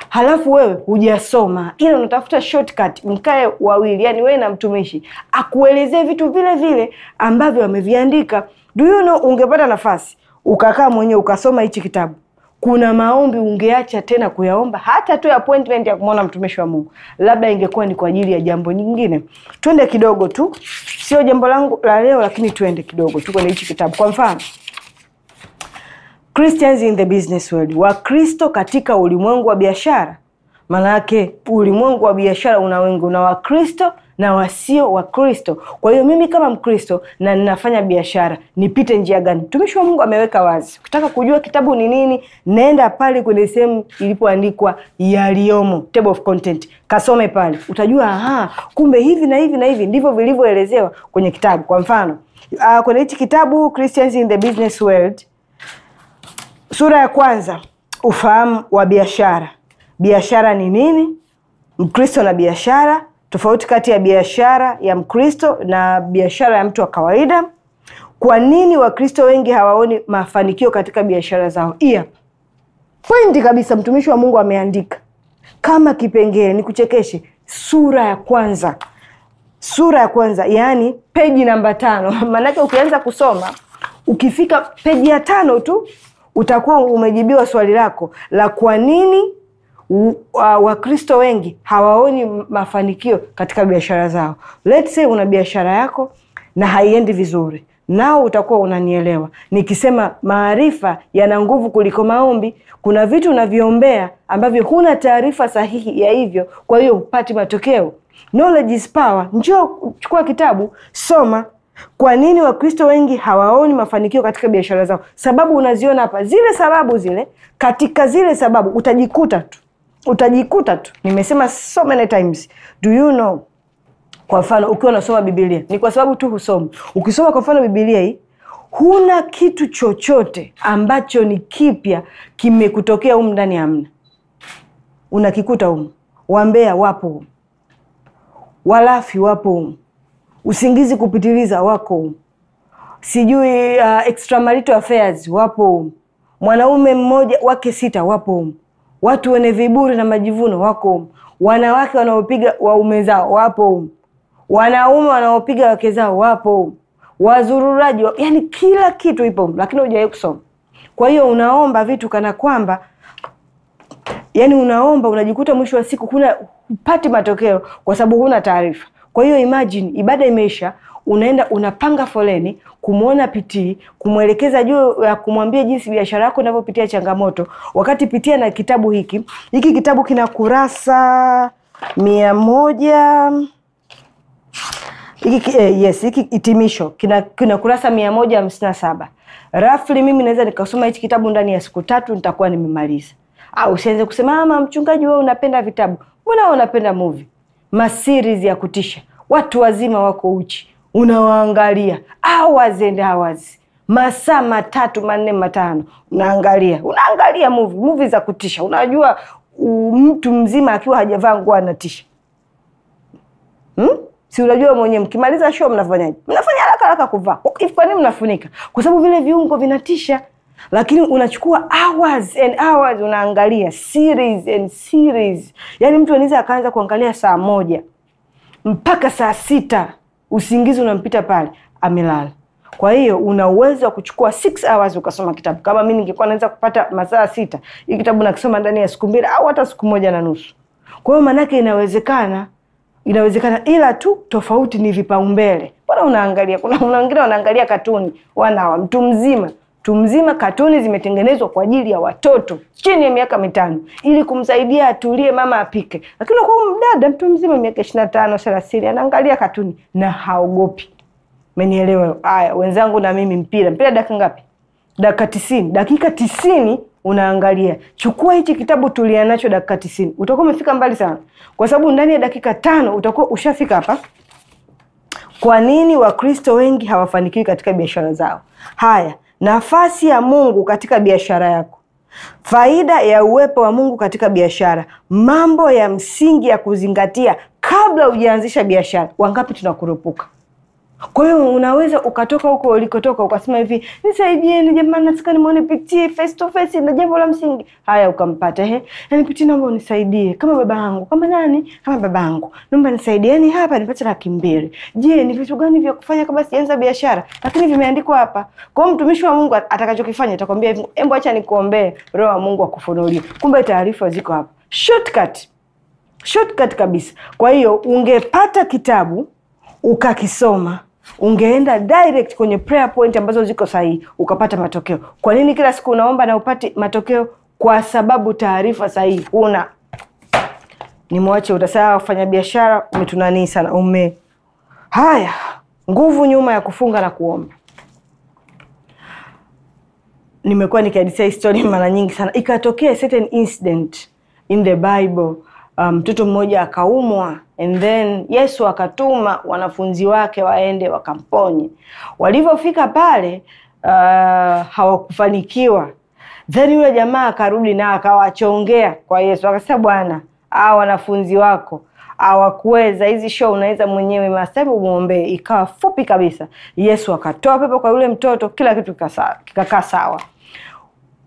Speaker 1: halafu wewe hujasoma, ila unatafuta shortcut, mkae wawili, yani wewe na mtumishi akuelezee vitu vile vile ambavyo ameviandika. Do you know, ungepata nafasi ukakaa mwenyewe ukasoma hichi kitabu kuna maombi ungeacha tena kuyaomba, hata tu appointment ya kumwona mtumishi wa Mungu, labda ingekuwa ni kwa ajili ya jambo nyingine. Twende kidogo tu, sio jambo langu la leo, lakini twende kidogo tu kwenye hichi kitabu. Kwa mfano Christians in the business world, Wakristo katika ulimwengu wa biashara. Maana yake ulimwengu wa biashara una wengi, una Wakristo na wasio Wakristo. Kwa hiyo mimi kama Mkristo na ninafanya biashara, nipite njia gani? Mtumishi wa Mungu ameweka wazi. Ukitaka kujua kitabu ni nini, nenda pale kwenye sehemu ilipoandikwa yaliyomo, table of content, kasome pale, utajua aha, kumbe hivi na hivi na hivi ndivyo vilivyoelezewa kwenye kitabu. Kwa mfano uh, kwenye hichi kitabu Christians in the Business World Sura ya kwanza, ufahamu wa biashara. Biashara ni nini? Mkristo na biashara, tofauti kati ya biashara ya Mkristo na biashara ya mtu wa kawaida. Kwa nini Wakristo wengi hawaoni mafanikio katika biashara zao? Hii hapa pointi kabisa, mtumishi wa Mungu ameandika kama kipengele. Nikuchekeshe, sura ya kwanza, sura ya kwanza, yaani peji namba tano. Maanake ukianza kusoma ukifika peji ya tano tu utakuwa umejibiwa swali lako la kwa nini Wakristo wengi hawaoni mafanikio katika biashara zao. Let's say una biashara yako na haiendi vizuri, nao utakuwa unanielewa nikisema maarifa yana nguvu kuliko maombi. Kuna vitu unavyoombea ambavyo huna taarifa sahihi ya hivyo, kwa hiyo hupati matokeo. Knowledge is power. Njoo chukua kitabu, soma kwa nini Wakristo wengi hawaoni mafanikio katika biashara zao? Sababu unaziona hapa, zile sababu zile, katika zile sababu utajikuta tu, utajikuta tu. Nimesema so many times, do you know kwa mfano ukiwa unasoma Biblia ni kwa sababu tu husoma. Ukisoma kwa mfano Biblia hii, huna kitu chochote ambacho ni kipya kimekutokea humu ndani, hamna, unakikuta humu. Wambea wapo humu, walafi wapo humu, usingizi kupitiliza wako, sijui uh, extramarital affairs wapo, mwanaume mmoja wake sita wapo, watu wenye viburi na majivuno wako, wanawake wanaopiga waume zao wapo, wanaume wanaopiga wake zao wapo, wazururaji wapo. Yani kila kitu ipo, lakini hujawahi kusoma. Kwa hiyo unaomba vitu kana kwamba yani unaomba, unajikuta mwisho wa siku kuna hupati matokeo kwa sababu huna taarifa. Kwa hiyo imagine ibada imeisha, unaenda unapanga foleni kumwona pitii, kumwelekeza juu ya kumwambia jinsi biashara yako inavyopitia changamoto, wakati pitia na kitabu hiki. Hiki kitabu kina kurasa mia moja hiki eh, yes, hiki itimisho kina, kina kurasa mia moja hamsini na saba rafli. Mimi naweza nikasoma hichi kitabu ndani ya siku tatu nitakuwa nimemaliza. Au usianze kusema mama, ah, mchungaji, wewe unapenda vitabu, mbona unapenda movie? masirizi ya kutisha, watu wazima wako uchi, unawaangalia hours and hours, masaa matatu manne matano, unaangalia unaangalia muvi muvi za kutisha. Unajua mtu mzima akiwa hajavaa nguo anatisha hmm? Si unajua mwenyewe, mkimaliza show mnafanyaje? Mnafanya haraka haraka kuvaa. Kwa nini mnafunika? Kwa sababu vile viungo vinatisha lakini unachukua hours and hours unaangalia series and series. Yani mtu anaweza akaanza kuangalia saa moja mpaka saa sita usingizi unampita pale, amelala. Kwa hiyo una uwezo wa kuchukua 6 hours ukasoma kitabu. Kama mimi ningekuwa naweza kupata masaa sita, hii kitabu nakisoma ndani ya siku mbili au hata siku moja na nusu. Kwa hiyo maanake inawezekana inawezekana ila tu tofauti ni vipaumbele. Mbona unaangalia kuna wengine wanaangalia katuni, wanawa mtu mzima mtu mzima. Katuni zimetengenezwa kwa ajili ya watoto chini ya miaka mitano ili kumsaidia atulie, mama apike. Lakini kwa mdada mtu mzima miaka ishirini na tano thelathini anaangalia katuni na haogopi. Menielewa? Aya, wenzangu na mimi, mpira mpira dakika ngapi? Dakika tisini. Dakika tisini unaangalia. Chukua hichi kitabu, tulia nacho dakika tisini, utakuwa umefika mbali sana, kwa sababu ndani ya dakika tano utakuwa ushafika hapa. Kwa nini Wakristo wengi hawafanikiwi katika biashara zao? Haya, nafasi ya Mungu katika biashara yako, faida ya uwepo wa Mungu katika biashara, mambo ya msingi ya kuzingatia kabla hujaanzisha biashara. Wangapi tunakurupuka? Kwa hiyo unaweza ukatoka huko ulikotoka ukasema hivi, nisaidieni jamani, nataka nimwone nipitie face to face na jambo la msingi. Haya, ukampata he, yani nipitie, naomba unisaidie kama baba yangu, kama nani, kama baba yangu, naomba nisaidieni yaani hapa nipate laki mbili. Je, ni vitu gani vya kufanya kabla sijaanza biashara? Lakini vimeandikwa hapa. Kwa hiyo mtumishi wa Mungu atakachokifanya atakwambia hivi, embo acha nikuombee, roho wa Mungu akufunulie. Kumbe taarifa ziko hapa, shortcut, shortcut kabisa. Kwa hiyo ungepata kitabu ukakisoma ungeenda direct kwenye prayer point ambazo ziko sahihi ukapata matokeo. Kwa nini kila siku unaomba na upati matokeo? Kwa sababu taarifa sahihi huna. Nimwache utasaa kufanya biashara, umetunanii sana ume. Haya, nguvu nyuma ya kufunga na kuomba. Nimekuwa nikihadithia story mara nyingi sana, ikatokea certain incident in the Bible Um, mtoto um, mmoja akaumwa and then Yesu akatuma wanafunzi wake waende wakamponye. Walivyofika pale uh, hawakufanikiwa. Then yule jamaa akarudi na akawachongea kwa Yesu, akasema Bwana, hawa wanafunzi wako hawakuweza hizi show, unaweza mwenyewe masema muombe. Ikawa fupi kabisa, Yesu akatoa pepo kwa yule mtoto, kila kitu kikakaa sawa.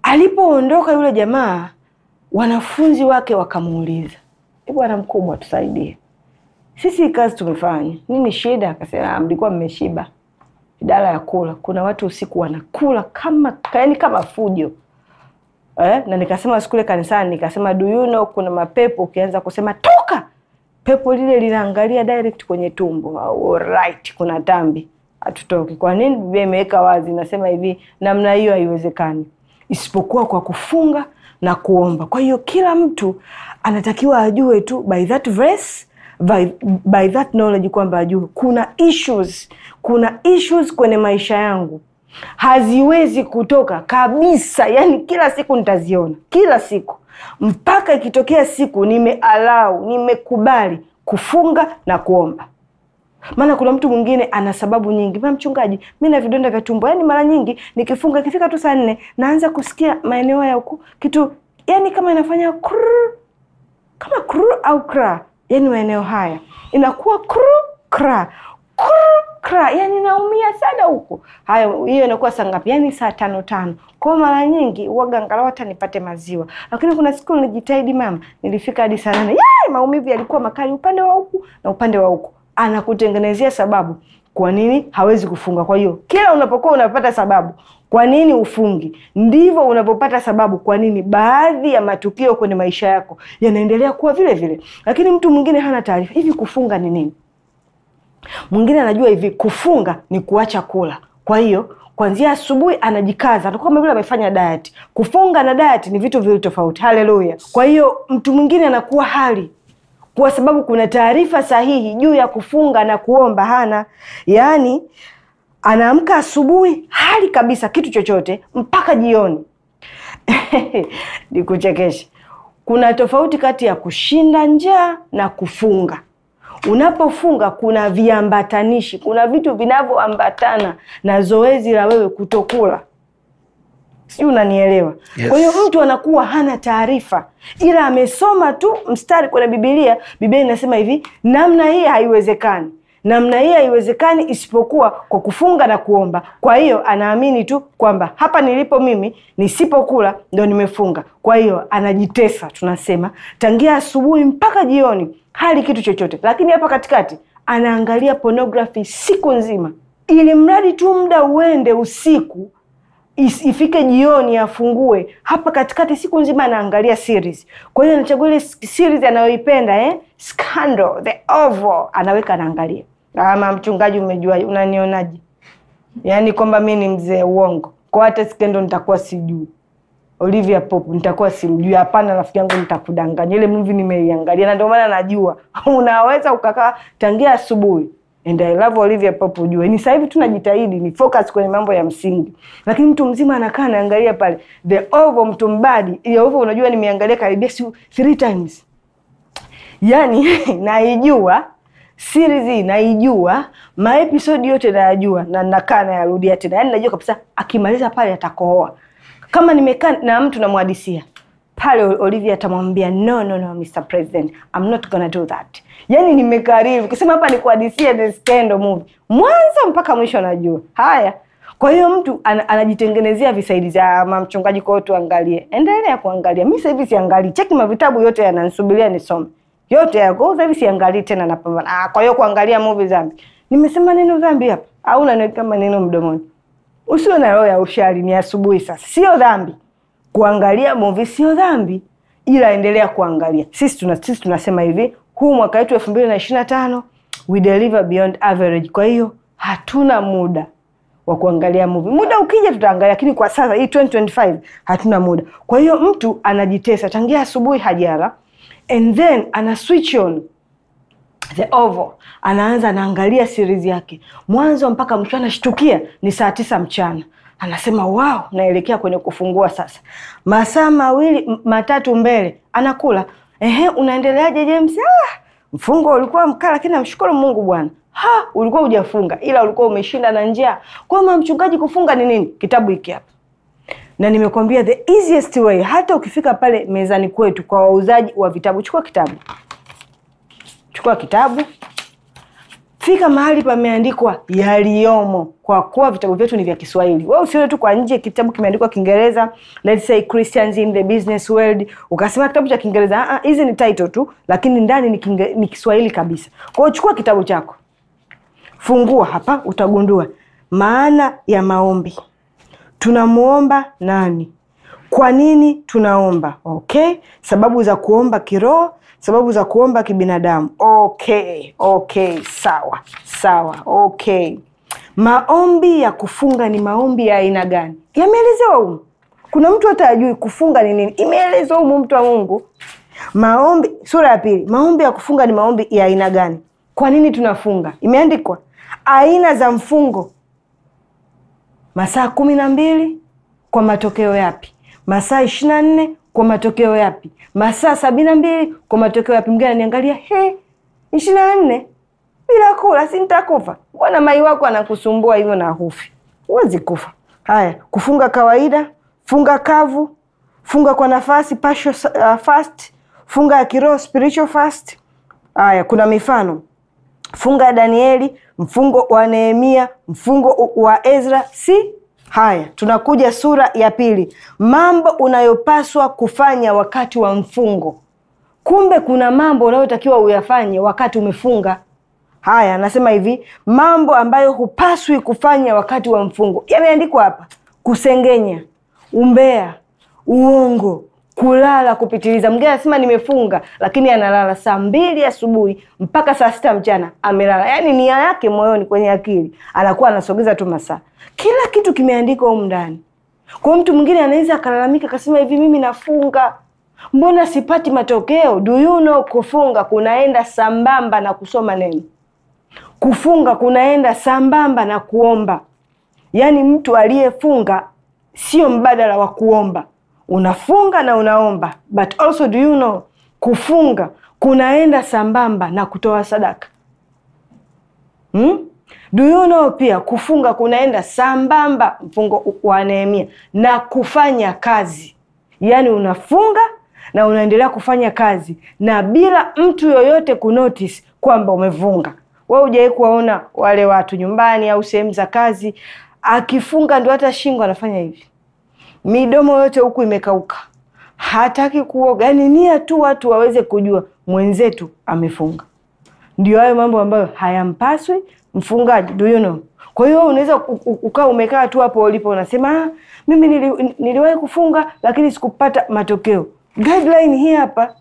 Speaker 1: Alipoondoka yule jamaa, wanafunzi wake wakamuuliza e bwana mkubwa, tusaidie sisi, kazi tumefanya nini, shida? Akasema ah, mlikuwa mmeshiba idara ya kula, kuna watu usiku wanakula kama yaani kama fujo eh? Na nikasema sikule kanisani, nikasema do you know, kuna mapepo ukianza kusema toka, pepo lile linaangalia direct kwenye tumbo. Alright, kuna tambi, hatutoki. Kwa nini Biblia imeweka wazi, nasema hivi, namna hiyo haiwezekani isipokuwa kwa kufunga na kuomba. Kwa hiyo kila mtu anatakiwa ajue tu by that verse by, by that knowledge kwamba ajue kuna issues kuna issues kwenye maisha yangu haziwezi kutoka kabisa yani kila siku nitaziona kila siku mpaka ikitokea siku nimealau nimekubali kufunga na kuomba maana kuna mtu mwingine ana sababu nyingi ma mchungaji mi na vidonda vya tumbo yani mara nyingi nikifunga ikifika tu saa nne naanza kusikia maeneo ya huku kitu yani kama inafanya krrr, kama kru au kra, yani maeneo haya inakuwa kru kra kru kra, yani naumia sana huku. Hayo hiyo inakuwa saa ngapi? Yani saa tano tano. Kwa mara nyingi uoga angalau hata nipate maziwa, lakini kuna siku nilijitahidi mama, nilifika hadi saa nane. Yai, maumivu yalikuwa makali upande wa huku na upande wa huku. Anakutengenezea sababu kwa nini hawezi kufunga. Kwa hiyo kila unapokuwa unapata sababu, kwa nini ufungi? Ndivyo unavyopata sababu kwa nini baadhi ya matukio kwenye maisha yako yanaendelea kuwa vile vile, lakini mtu mwingine hana taarifa. Hivi kufunga ni nini? Mwingine anajua hivi kufunga ni kuacha kula, kwa hiyo kwanzia asubuhi anajikaza, kama vile amefanya diet. Kufunga na diet ni vitu viwili tofauti. Haleluya! Kwa hiyo mtu mwingine anakuwa hali kwa sababu kuna taarifa sahihi juu ya kufunga na kuomba hana, yaani anaamka asubuhi hali kabisa kitu chochote mpaka jioni. Nikuchekeshe, kuna tofauti kati ya kushinda njaa na kufunga. Unapofunga kuna viambatanishi, kuna vitu vinavyoambatana na zoezi la wewe kutokula. Sijui unanielewa? Yes. Kwa hiyo mtu anakuwa hana taarifa, ila amesoma tu mstari kwenye bibilia bibilia inasema hivi, namna hii haiwezekani namna hii haiwezekani isipokuwa kwa kufunga na kuomba. Kwa hiyo anaamini tu kwamba hapa nilipo mimi, nisipokula ndo nimefunga. Kwa hiyo anajitesa, tunasema tangia asubuhi mpaka jioni, hali kitu chochote. Lakini hapa katikati anaangalia pornography siku nzima, ili mradi tu muda uende usiku ifike jioni afungue. Hapa katikati siku nzima anaangalia series, kwa hiyo anachagua ile series anayoipenda eh? Scandal, The Oval, anaweka anaangalia ama mchungaji, umejua unanionaje? Yaani kwamba mi ni mzee uongo kwa hata skendo nitakuwa sijui Olivia Pope nitakuwa simjui. Hapana rafiki yangu, nitakudanganya. Ile movie nimeiangalia na ndio maana najua unaweza ukakaa tangia asubuhi and I love Olivia Pope, ujue ni sasa hivi najitahidi ni focus kwenye mambo ya msingi, lakini mtu mzima anakaa anaangalia pale the ovo mtu mbadi ile ovo, unajua nimeangalia karibia si 3 times yani naijua siri hii naijua, maepisodi yote nayajua na nakaa nayarudia tena, yaani najua kabisa akimaliza pale atakohoa. Kama nimekaa na mtu namwadisia pale, Olivia atamwambia no, no, no, Mr. President, I'm not gonna do that. Yaani nimekaribu kusema hapa nikuhadisia the scandal movie mwanzo mpaka mwisho, najua haya. Kwa hiyo mtu an, anajitengenezea visaidizi. Ama ah, mchungaji, kwao tuangalie, endelea kuangalia. Mi sahivi siangalii, cheki mavitabu yote yananisubiria nisome yote yako sasa hivi siangalii tena, napambana. Ah, kwa hiyo kuangalia movie zambi. Nimesema neno dhambi hapa au unaniweka maneno mdomoni? Usio na roho ya ushari, ni asubuhi sasa. Sio dhambi kuangalia movie, sio dhambi, ila endelea kuangalia. Sisi tuna sisi tunasema hivi, huu mwaka wetu 2025 we deliver beyond average. Kwa hiyo hatuna muda wa kuangalia movie. Muda ukija tutaangalia, lakini kwa sasa hii 2025 hatuna muda. Kwa hiyo mtu anajitesa tangia asubuhi hajala and then ana switch on the oval anaanza anaangalia series yake mwanzo mpaka mwisho anashtukia ni saa tisa mchana anasema wow naelekea kwenye kufungua sasa masaa mawili matatu mbele anakula ehe unaendeleaje james ah, mfungo ulikuwa mkaa lakini namshukuru mungu bwana ha ulikuwa hujafunga ila ulikuwa umeshinda na njaa kwama mchungaji kufunga ni nini kitabu hiki hapa na nimekwambia the easiest way. Hata ukifika pale mezani kwetu kwa wauzaji wa vitabu, chukua kitabu, chukua kitabu, fika mahali pameandikwa yaliyomo, kwa kuwa vitabu vyetu ni vya Kiswahili. Wewe usione tu kwa nje kitabu kimeandikwa Kiingereza, let's say Christians in the business world, ukasema kitabu cha Kiingereza. Ah, ah hizi ni title tu, lakini ndani ni, kinge, ni Kiswahili kabisa. Kwa hiyo chukua kitabu chako, fungua hapa, utagundua maana ya maombi tunamwomba nani? Kwa nini tunaomba? Okay, sababu za kuomba kiroho, sababu za kuomba kibinadamu. Okay, okay, sawa sawa, okay. Maombi ya kufunga ni maombi ya aina gani? Yameelezewa umu Kuna mtu hata ajui kufunga ni nini, imeelezwa umu mtu wa Mungu. Maombi sura ya pili, maombi ya kufunga ni maombi ya aina gani? Kwa nini tunafunga? Imeandikwa aina za mfungo masaa kumi na mbili kwa matokeo yapi? Masaa ishirini na nne kwa matokeo yapi? Masaa sabini na mbili kwa matokeo yapi? Mgeni ananiangalia, he, ishirini na nne bila kula si nitakufa? Mbona mai wako anakusumbua hivyo na hufi? Huwezi kufa. Haya, kufunga kawaida, funga kavu, funga kwa nafasi, partial uh, fast, funga ya kiroho, spiritual fast. Haya, kuna mifano mfungo ya Danieli, mfungo wa Nehemia, mfungo wa Ezra, si haya? Tunakuja sura ya pili, mambo unayopaswa kufanya wakati wa mfungo. Kumbe kuna mambo unayotakiwa uyafanye wakati umefunga. Haya, anasema hivi, mambo ambayo hupaswi kufanya wakati wa mfungo yameandikwa hapa: kusengenya, umbea, uongo, kulala kupitiliza. Mgeni anasema nimefunga, lakini analala saa mbili asubuhi mpaka saa sita mchana amelala. Yaani nia yake moyoni, kwenye akili anakuwa anasogeza tu masaa. Kila kitu kimeandikwa huko ndani. Kwa mtu mwingine anaweza akalalamika akasema, hivi mimi nafunga mbona sipati matokeo? Do you know, kufunga kunaenda sambamba na kusoma neno. Kufunga kunaenda sambamba na kuomba. Yaani mtu aliyefunga sio mbadala wa kuomba unafunga na unaomba, but also do you know kufunga kunaenda sambamba na kutoa sadaka hmm? do you know pia kufunga kunaenda sambamba, mfungo wa Nehemia, na kufanya kazi, yaani unafunga na unaendelea kufanya kazi na bila mtu yoyote kunotice kwamba umefunga. We ujawai kuwaona wale watu nyumbani au sehemu za kazi, akifunga ndo hata shingo anafanya hivi midomo yote huku imekauka, hataki kuoga, yani nia tu watu waweze kujua mwenzetu amefunga. Ndio hayo mambo ambayo hayampaswi mfungaji, do you know? Kwa hiyo unaweza ukaa umekaa tu hapo ulipo unasema ah, mimi nili, niliwahi kufunga lakini sikupata matokeo. Guideline hii hapa,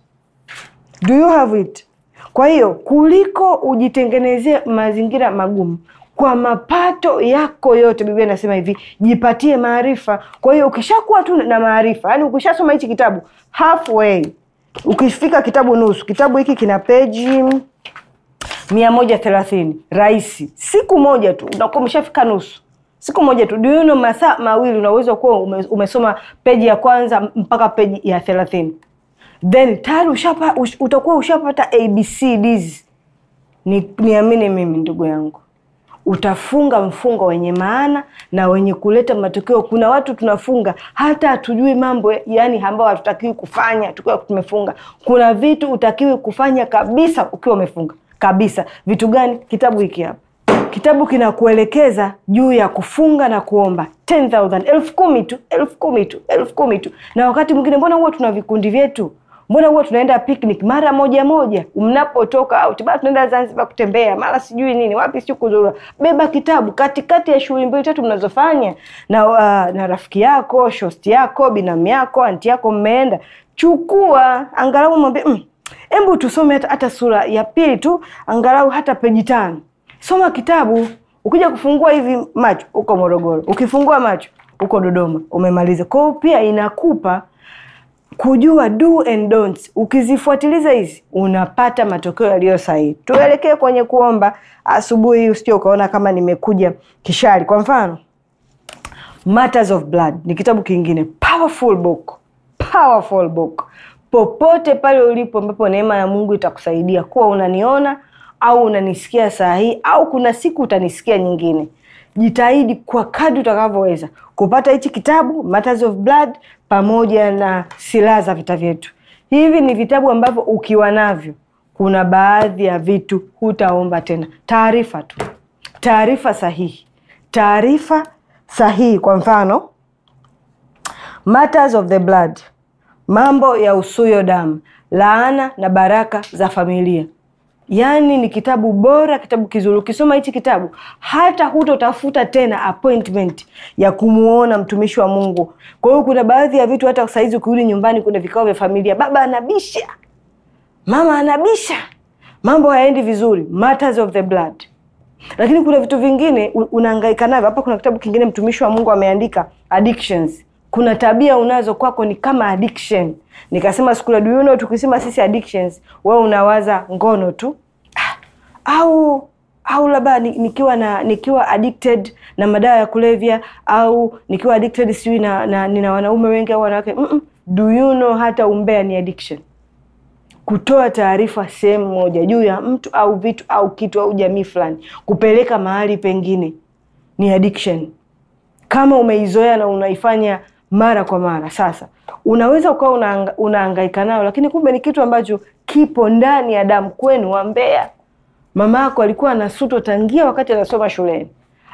Speaker 1: do you have it? Kwa hiyo kuliko ujitengenezee mazingira magumu, kwa mapato yako yote. Biblia inasema hivi, jipatie maarifa. Kwa hiyo ukishakuwa tu na maarifa, yani ukishasoma hichi kitabu halfway, ukifika kitabu nusu, kitabu hiki kina peji mia moja thelathini rahisi, siku moja tu unakuwa umeshafika nusu siku moja tu duino masaa mawili unaweza kuwa umesoma peji ya kwanza mpaka peji ya thelathini then tayari ushapa, ush, utakuwa ushapata abcds niamini ni mimi ndugu yangu utafunga mfungo wenye maana na wenye kuleta matokeo. Kuna watu tunafunga hata hatujui mambo yani ambayo hatutakiwi kufanya tukiwa tumefunga. Kuna vitu utakiwi kufanya kabisa ukiwa umefunga kabisa. Vitu gani? Kitabu hiki hapa kitabu kinakuelekeza juu ya kufunga na kuomba 10,000 elfu kumi tu elfu kumi tu elfu kumi tu. Na wakati mwingine mbona huwa tuna vikundi vyetu mbona huwa tunaenda picnic mara moja moja, mnapotoka out, basi tunaenda Zanzibar kutembea, mara sijui nini, wapi sio kuzurura. Beba kitabu katikati ya shughuli mbili tatu mnazofanya na uh, na rafiki yako, shosti yako, binamu yako, anti yako, mmeenda chukua angalau mwambie mm, embu tusome hata, hata sura ya pili tu angalau hata peji tano. Soma kitabu, ukija kufungua hivi macho uko Morogoro, ukifungua macho uko Dodoma, umemaliza. Kwa pia inakupa kujua do and don'ts. Ukizifuatiliza hizi unapata matokeo yaliyo sahihi. Tuelekee kwenye kuomba asubuhi, usije ukaona kama nimekuja kishari. Kwa mfano, Matters of Blood ni kitabu kingine powerful book, powerful book. Popote pale ulipo ambapo neema ya Mungu itakusaidia kuwa unaniona au unanisikia saa hii au kuna siku utanisikia nyingine, jitahidi kwa kadri utakavyoweza kupata hichi kitabu Matters of Blood pamoja na silaha za vita vyetu. Hivi ni vitabu ambavyo ukiwa navyo, kuna baadhi ya vitu hutaomba tena. Taarifa tu, taarifa sahihi, taarifa sahihi. Kwa mfano, matters of the blood, mambo ya usuyo damu, laana na baraka za familia Yaani ni kitabu bora, kitabu kizuri. Ukisoma hichi kitabu, hata hutotafuta tena appointment ya kumuona mtumishi wa Mungu. Kwa hiyo kuna baadhi ya vitu, hata saizi ukirudi nyumbani, kuna vikao vya familia, baba anabisha, mama anabisha, mambo hayaendi vizuri, matters of the blood. Lakini kuna vitu vingine unahangaika navyo. Hapa kuna kitabu kingine mtumishi wa Mungu ameandika addictions. Kuna tabia unazo kwako ni kama addiction nikasema siku do you know, tukisema sisi addictions wewe unawaza ngono tu au au labda nikiwa na nikiwa addicted na madawa ya kulevya au nikiwa addicted sijui na, na nina wanaume wengi au wanawake mm -mm. do you know hata umbea ni addiction kutoa taarifa sehemu moja juu ya mtu au vitu au kitu au jamii fulani kupeleka mahali pengine ni addiction kama umeizoea na unaifanya mara kwa mara. Sasa unaweza ukawa unaang, unaangaika nao, lakini kumbe ni kitu ambacho kipo ndani ya damu kwenu. Wambea, mama yako alikuwa anasutwa SUTO tangia wakati anasoma shuleni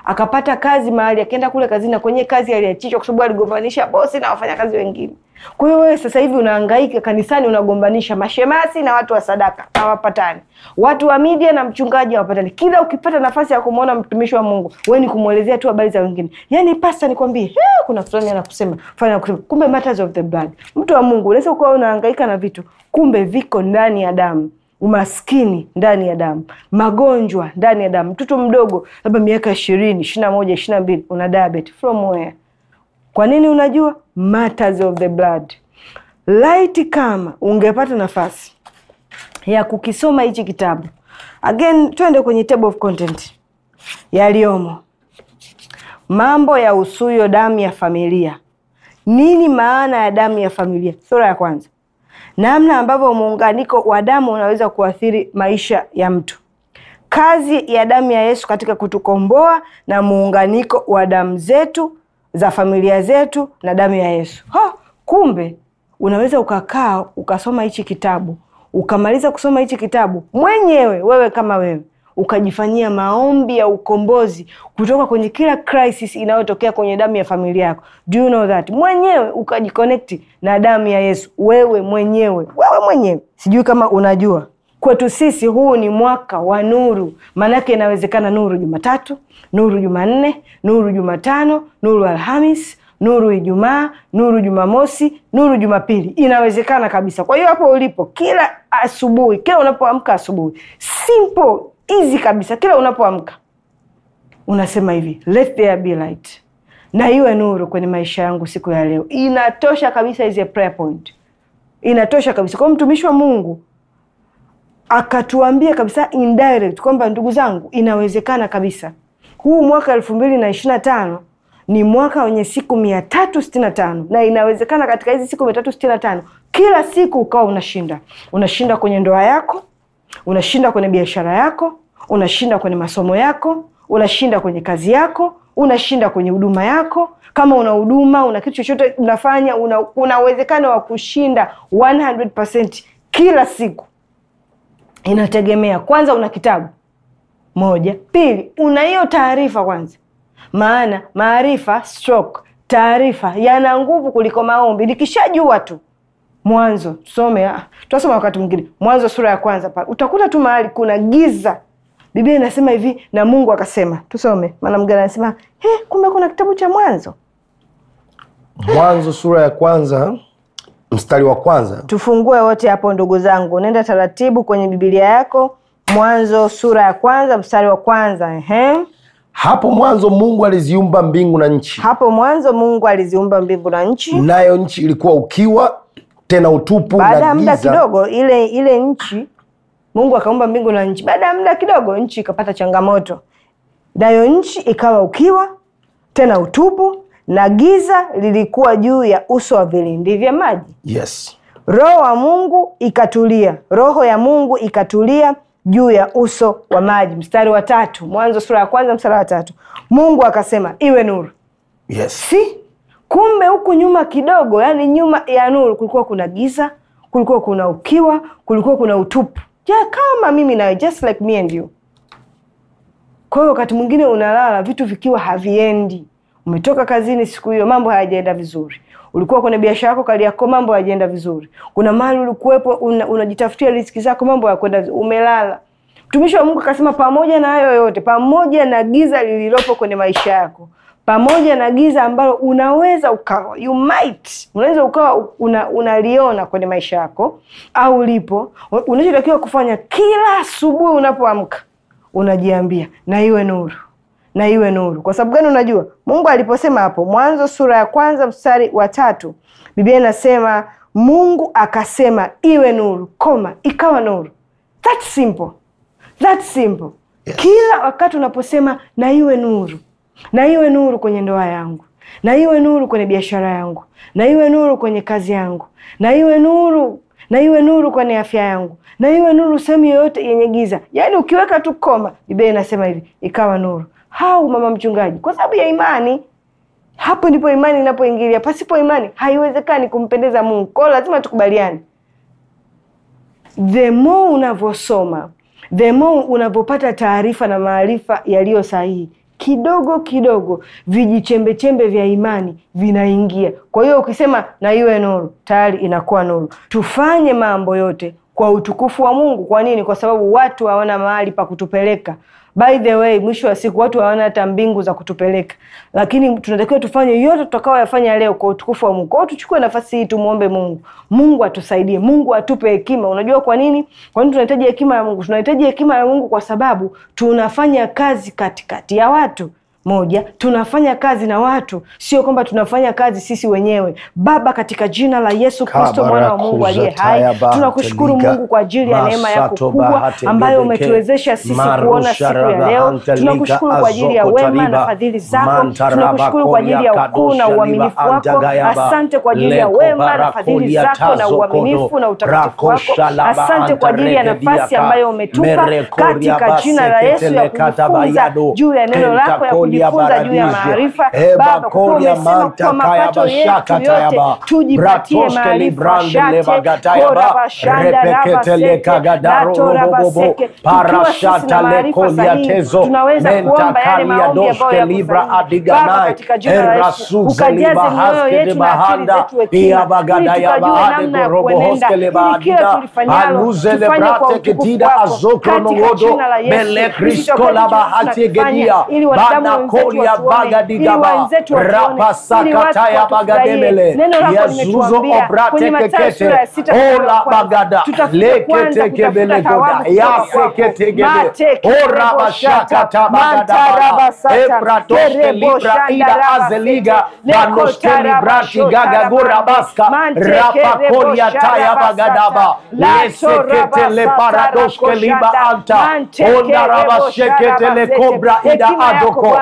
Speaker 1: akapata kazi mahali, akienda kule kazini na kwenye kazi aliachishwa kwa sababu aligombanisha bosi na wafanyakazi wengine. Kwa hiyo wewe sasa hivi unahangaika kanisani, unagombanisha mashemasi na watu wa sadaka, hawapatani. Watu wa media na mchungaji hawapatani. Kila ukipata nafasi ya kumwona mtumishi wa Mungu, wewe ni kumwelezea tu habari za wengine. Yaani pasta, nikwambie, eh, kuna fulani anakusema fanya kusema, kumbe matters of the blood. Mtu wa Mungu, unaweza ukawa unahangaika na vitu, kumbe viko ndani ya damu umaskini ndani ya damu, magonjwa ndani ya damu. Mtoto mdogo labda miaka ishirini, ishirini na moja, ishirini na mbili una diabetes from where? Kwa nini unajua? Matters of the blood. Laiti kama ungepata nafasi ya kukisoma hichi kitabu again, twende kwenye table of content yaliyomo, mambo ya usuyo damu ya familia. Nini maana ya damu ya familia? Sura ya kwanza namna ambavyo muunganiko wa damu unaweza kuathiri maisha ya mtu, kazi ya damu ya Yesu katika kutukomboa na muunganiko wa damu zetu za familia zetu na damu ya Yesu. Ha, kumbe unaweza ukakaa ukasoma hichi kitabu ukamaliza kusoma hichi kitabu mwenyewe wewe kama wewe ukajifanyia maombi ya ukombozi kutoka kwenye kila crisis inayotokea kwenye damu ya familia yako. Do you know that? Mwenyewe ukajiconnect na damu ya Yesu, wewe mwenyewe, wewe mwenyewe. Sijui kama unajua Kwetu sisi huu ni mwaka wa nuru, maanake inawezekana nuru Jumatatu, nuru Jumanne, nuru Jumatano, nuru Alhamis, nuru Ijumaa, nuru Jumamosi, nuru Jumapili. Inawezekana kabisa. Kwa hiyo hapo ulipo, kila asubuhi, kila unapoamka asubuhi, simple easy kabisa. Kila unapoamka unasema hivi, let there be light, na iwe nuru kwenye maisha yangu siku ya leo. Inatosha kabisa, is a prayer point, inatosha kabisa. Kwa mtumishi wa Mungu akatuambia kabisa indirect kwamba ndugu zangu, inawezekana kabisa. Huu mwaka elfu mbili na ishirini na tano ni mwaka wenye siku mia tatu sitini na tano na inawezekana katika hizi siku mia tatu sitini na tano kila siku ukawa unashinda, unashinda kwenye ndoa yako, unashinda kwenye biashara yako, unashinda kwenye masomo yako, unashinda kwenye kazi yako, unashinda kwenye huduma yako. Kama una huduma, una kitu chochote unafanya, una uwezekano wa kushinda 100% kila siku. Inategemea kwanza, una kitabu moja, pili, una hiyo taarifa kwanza, maana maarifa stroke taarifa yana nguvu kuliko maombi. Nikishajua tu Mwanzo tusome, ah, tutasoma wakati mwingine Mwanzo sura ya kwanza pale, utakuta tu mahali kuna giza Biblia inasema hivi, na Mungu akasema, tusome. mgana anasema he, kumbe kuna kitabu cha Mwanzo.
Speaker 2: Mwanzo sura ya kwanza mstari wa kwanza.
Speaker 1: Tufungue wote hapo, ndugu zangu, nenda taratibu kwenye Biblia yako. Mwanzo sura ya kwanza mstari wa kwanza. Ehe. Hapo mwanzo Mungu aliziumba mbingu na nchi. Hapo mwanzo Mungu aliziumba mbingu na nchi, nayo nchi ilikuwa
Speaker 2: ukiwa tena utupu. Baada ya muda kidogo,
Speaker 1: ile ile nchi Mungu akaumba mbingu na nchi. Baada ya muda kidogo, nchi ikapata changamoto, nayo nchi ikawa ukiwa tena utupu, na giza lilikuwa juu ya uso wa vilindi vya maji. Yes. Roho wa Mungu ikatulia, roho ya Mungu ikatulia juu ya uso wa maji. Mstari wa tatu, Mwanzo sura ya kwanza mstari wa tatu. Mungu akasema iwe nuru. Yes. Si kumbe huku nyuma kidogo, yani nyuma ya nuru kulikuwa kuna giza, kulikuwa kuna ukiwa, kulikuwa kuna utupu yeah, kama mimi nawe just like me and you. Kwa hiyo wakati mwingine unalala vitu vikiwa haviendi, umetoka kazini siku hiyo mambo hayajaenda vizuri, ulikuwa kwenye biashara yako kali yako mambo hayajaenda vizuri, kuna mali ulikuwepo unajitafutia una riziki zako mambo hayakwenda, umelala. Mtumishi wa Mungu akasema, pamoja na hayo yote, pamoja na giza lililopo kwenye maisha yako, pamoja na giza ambalo unaweza ukawa you might unaweza ukawa una, unaliona kwenye maisha yako au ulipo. Unachotakiwa kufanya kila asubuhi unapoamka, unajiambia na iwe nuru, na iwe nuru. Kwa sababu gani? Unajua Mungu aliposema hapo Mwanzo sura ya kwanza mstari wa tatu, Biblia inasema Mungu akasema iwe nuru, koma, ikawa nuru. That simple. That simple. Yes. Kila wakati unaposema na iwe nuru na iwe nuru kwenye ndoa yangu, na iwe nuru kwenye biashara yangu, na iwe nuru kwenye kazi yangu, na iwe nuru na iwe nuru kwenye afya yangu, na iwe nuru sehemu yoyote yenye giza. Yaani ukiweka tu koma, Biblia inasema hivi, ikawa nuru. Hau mama mchungaji, kwa sababu ya imani. Hapo ndipo imani inapoingilia. Pasipo imani haiwezekani kumpendeza Mungu. Kwa hiyo lazima tukubaliane, the more unavyosoma, the more unavyopata taarifa na maarifa yaliyo sahihi kidogo kidogo vijichembechembe vya imani vinaingia. Kwa hiyo ukisema na iwe nuru, tayari inakuwa nuru. Tufanye mambo yote kwa utukufu wa Mungu. Kwa nini? Kwa sababu watu hawana mahali pa kutupeleka. By the way, mwisho wa siku watu hawana hata mbingu za kutupeleka, lakini tunatakiwa tufanye yote tutakaoyafanya leo kwa utukufu wa Mungu. Kwa hiyo tuchukue nafasi hii tumwombe Mungu, Mungu atusaidie, Mungu atupe hekima. Unajua kwa nini? Kwa nini tunahitaji hekima ya Mungu? Tunahitaji hekima ya Mungu kwa sababu tunafanya kazi katikati ya watu moja tunafanya kazi na watu, sio kwamba tunafanya kazi sisi wenyewe. Baba, katika jina la Yesu Kristo mwana wa Mungu aliye hai, tunakushukuru Mungu kwa ajili ya neema yako kubwa ambayo umetuwezesha sisi kuona siku ya leo. Tunakushukuru kwa ajili ya wema na fadhili zako, tunakushukuru kwa ajili ya ukuu na uaminifu wako. Asante kwa ajili ya wema na fadhili zako na uaminifu na utakatifu wako. Asante kwa ajili ya nafasi ambayo umetupa katika jina la Yesu ya kujifunza juu ya neno lako kujifunza juu ya maarifa. Baba, umesema kwa mapato yetu yote tujipatie maarifa tunaweza kuomba yale maombi ambayo katika jina la Yesu, ukajaze mioyo yetu na akili zetu hekima, ili tukajue namna ya kuenenda, ili kile tulifanyalo tufanye kwa utukufu wako katika jina la Yesu. Kristo, kwa hicho tunachofanya ili wanadamu makolia bagadigaba rapasakata bagademele yazuzo obratekekete ola bagada leketekebelegoda yaseketegebe orabashakata bagadaba ebratoske libra ida
Speaker 2: azeliga banoskeni brati gagagurabaska rapakolia taya bagadaba leseketele paradoske liba anta ondarabasheketele kobra ida adoko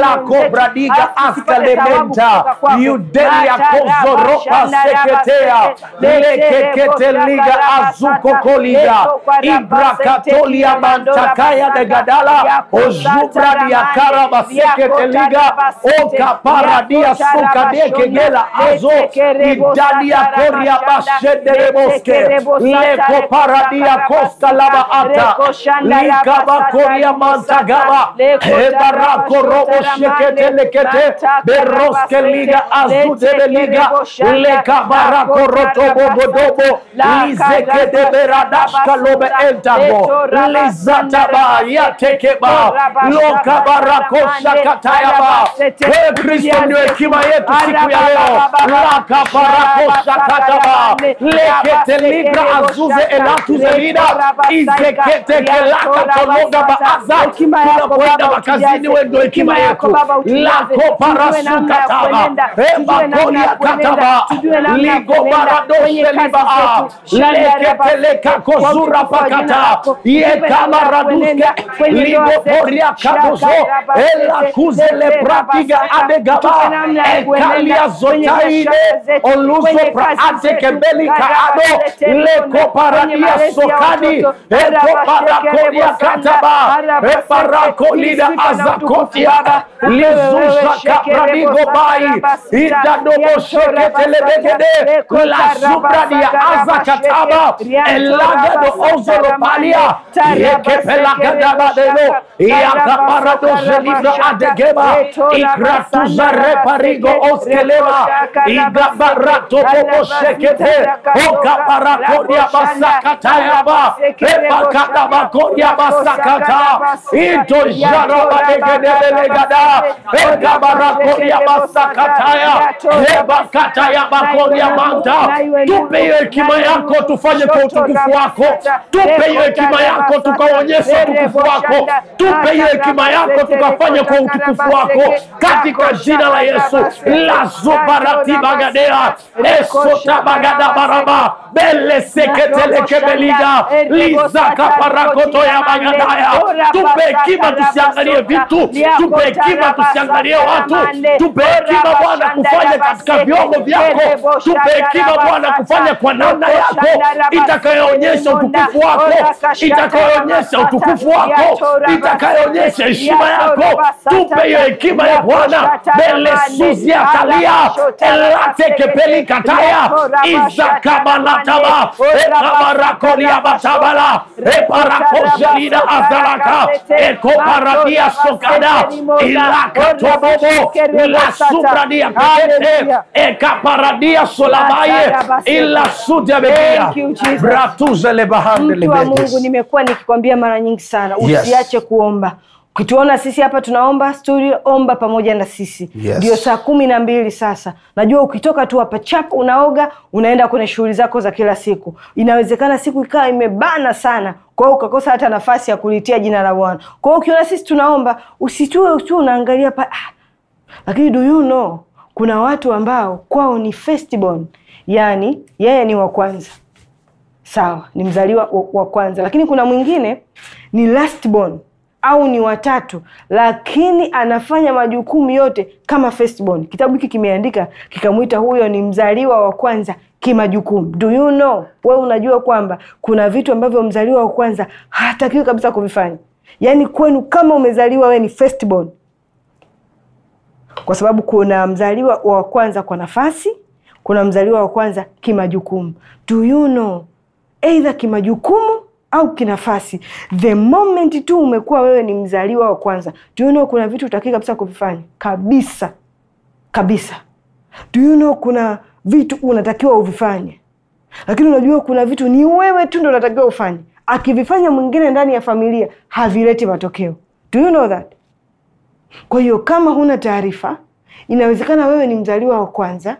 Speaker 2: lako bradiga askalementa yudelia kozoropa seketea lekeketeliga azukokoliga ibrakatolia mantakaya degadala ozubradia karabaseketeliga okaparadia sukadekegela e, azo idadia koria e, leko bashedereboske lekoparadia kostalaba ata likabakoria mantagaba ebarako robo sheketelekete beroskeliga azudebeliga lekabarakorotobobodbo lizekedeberadashkalobe entabo lizataba yatekeba lokabarakosakatayaba wewe kristo ndio hekima yetu siku ya leo lakabarakosakataba leketeligra azuze elatuzelida izeketekelakatologa baaza tunapoenda makazini we hekima yetu yetu lakoparasukataba embakoliakataba ligobaradoshelibaa leleketelekakozurapakata yekabaraduske ligoporiakadoso elakuzelepratiga adegaba ekaliazotaide oluzopra atekebelikaado lekoparadia sokadi ekoparakolia eparakolida e azakotiada lizuza kapradigobai idadoboseketelegede klasubradia aza kataba elagado ozoropalia yekepelagadabadelo iakaparadozeliza adegeba ikratuza reparigo oskeleba igabaratobobosekete okaparatoriabasakatayaba epakadabakoria de itojarabadegedebelegada Kada Eka Barakoria Masakataya Eba Kataya Bakoria Manta, tupe hiyo hekima yako, tufanye kwa utukufu wako. Tupe hiyo hekima yako, tukaonyesha utukufu wako. Tupe hiyo hekima yako, tukafanye kwa utukufu wako, katika jina la Yesu. lazubarati bagadea esotabagada baraba seketele beleseketelekebeliga lizakaparakotoya bagadaya. Tupe hekima, tusiangalie vitu, tupe hekima, tusiangalie watu. Tupe hekima Bwana kufanya katika vyombo vyako, tupe hekima Bwana kufanya kwa namna yako itakayoonyesha utukufu wako, itakayoonyesha utukufu wako, itakayoonyesha heshima yako. Tupe hiyo hekima ya Bwana belesuzia kalia elate iza kabalataba ekabarakolia e batabala eparakosharida azaraka ekoparadia sokada ilakatobobo ilasubradia pekete ekaparadia solabaye ila sudabegia bratuzelebahande mtu wa Mungu,
Speaker 1: nimekuwa nikikwambia mara nyingi sana usiache kuomba ukituona sisi hapa tunaomba studio, omba pamoja na sisi ndio yes. saa kumi na mbili sasa. Najua ukitoka tu hapa chap, unaoga unaenda kwenye shughuli zako za kila siku. Inawezekana siku ikawa imebana sana, kwao ukakosa hata nafasi ya kulitia jina la Bwana. kwao ukiona sisi tunaomba, usitue tu unaangalia pa ah. Lakini do you know kuna watu ambao kwao ni firstborn, yani yeye ni wa kwanza, sawa, ni mzaliwa wa kwanza, lakini kuna mwingine ni lastborn au ni watatu, lakini anafanya majukumu yote kama firstborn. Kitabu hiki kimeandika kikamwita huyo ni mzaliwa wa kwanza kimajukumu. Do you know, we unajua kwamba kuna vitu ambavyo mzaliwa wa kwanza hatakiwi kabisa kuvifanya. Yaani kwenu kama umezaliwa wee ni firstborn, kwa sababu kuna mzaliwa wa kwanza kwa nafasi, kuna mzaliwa wa kwanza kimajukumu. Do you know, eidha kimajukumu au kinafasi, the moment tu umekuwa wewe ni mzaliwa wa kwanza, do you know kuna vitu utakii kabisa kuvifanya kabisa kabisa. Do you know kuna vitu unatakiwa uvifanye, lakini unajua kuna vitu ni wewe tu ndo unatakiwa ufanye. Akivifanya mwingine ndani ya familia havileti matokeo. Do you know that? Kwa hiyo kama huna taarifa, inawezekana wewe ni mzaliwa wa kwanza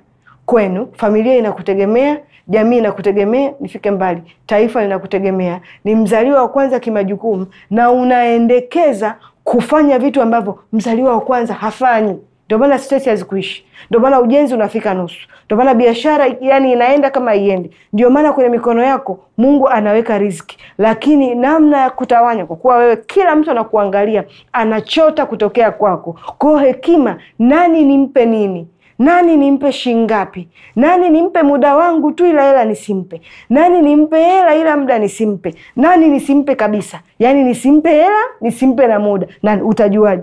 Speaker 1: kwenu, familia inakutegemea jamii inakutegemea, nifike mbali, taifa linakutegemea, ni mzaliwa wa kwanza kimajukumu, na unaendekeza kufanya vitu ambavyo mzaliwa wa kwanza hafanyi. Ndio maana state hazikuishi, ndio maana ujenzi unafika nusu, ndio maana biashara yani inaenda kama iendi Ndio maana kwenye mikono yako Mungu anaweka riziki, lakini namna ya kutawanya, kwa kuwa wewe kila mtu anakuangalia, anachota kutokea kwako. Kwa hekima, nani nimpe nini? nani nimpe shingapi, nani nimpe muda wangu tu ila hela nisimpe, nani nimpe hela ila muda nisimpe, nani nisimpe kabisa, yaani nisimpe hela nisimpe na muda. Na utajuaje?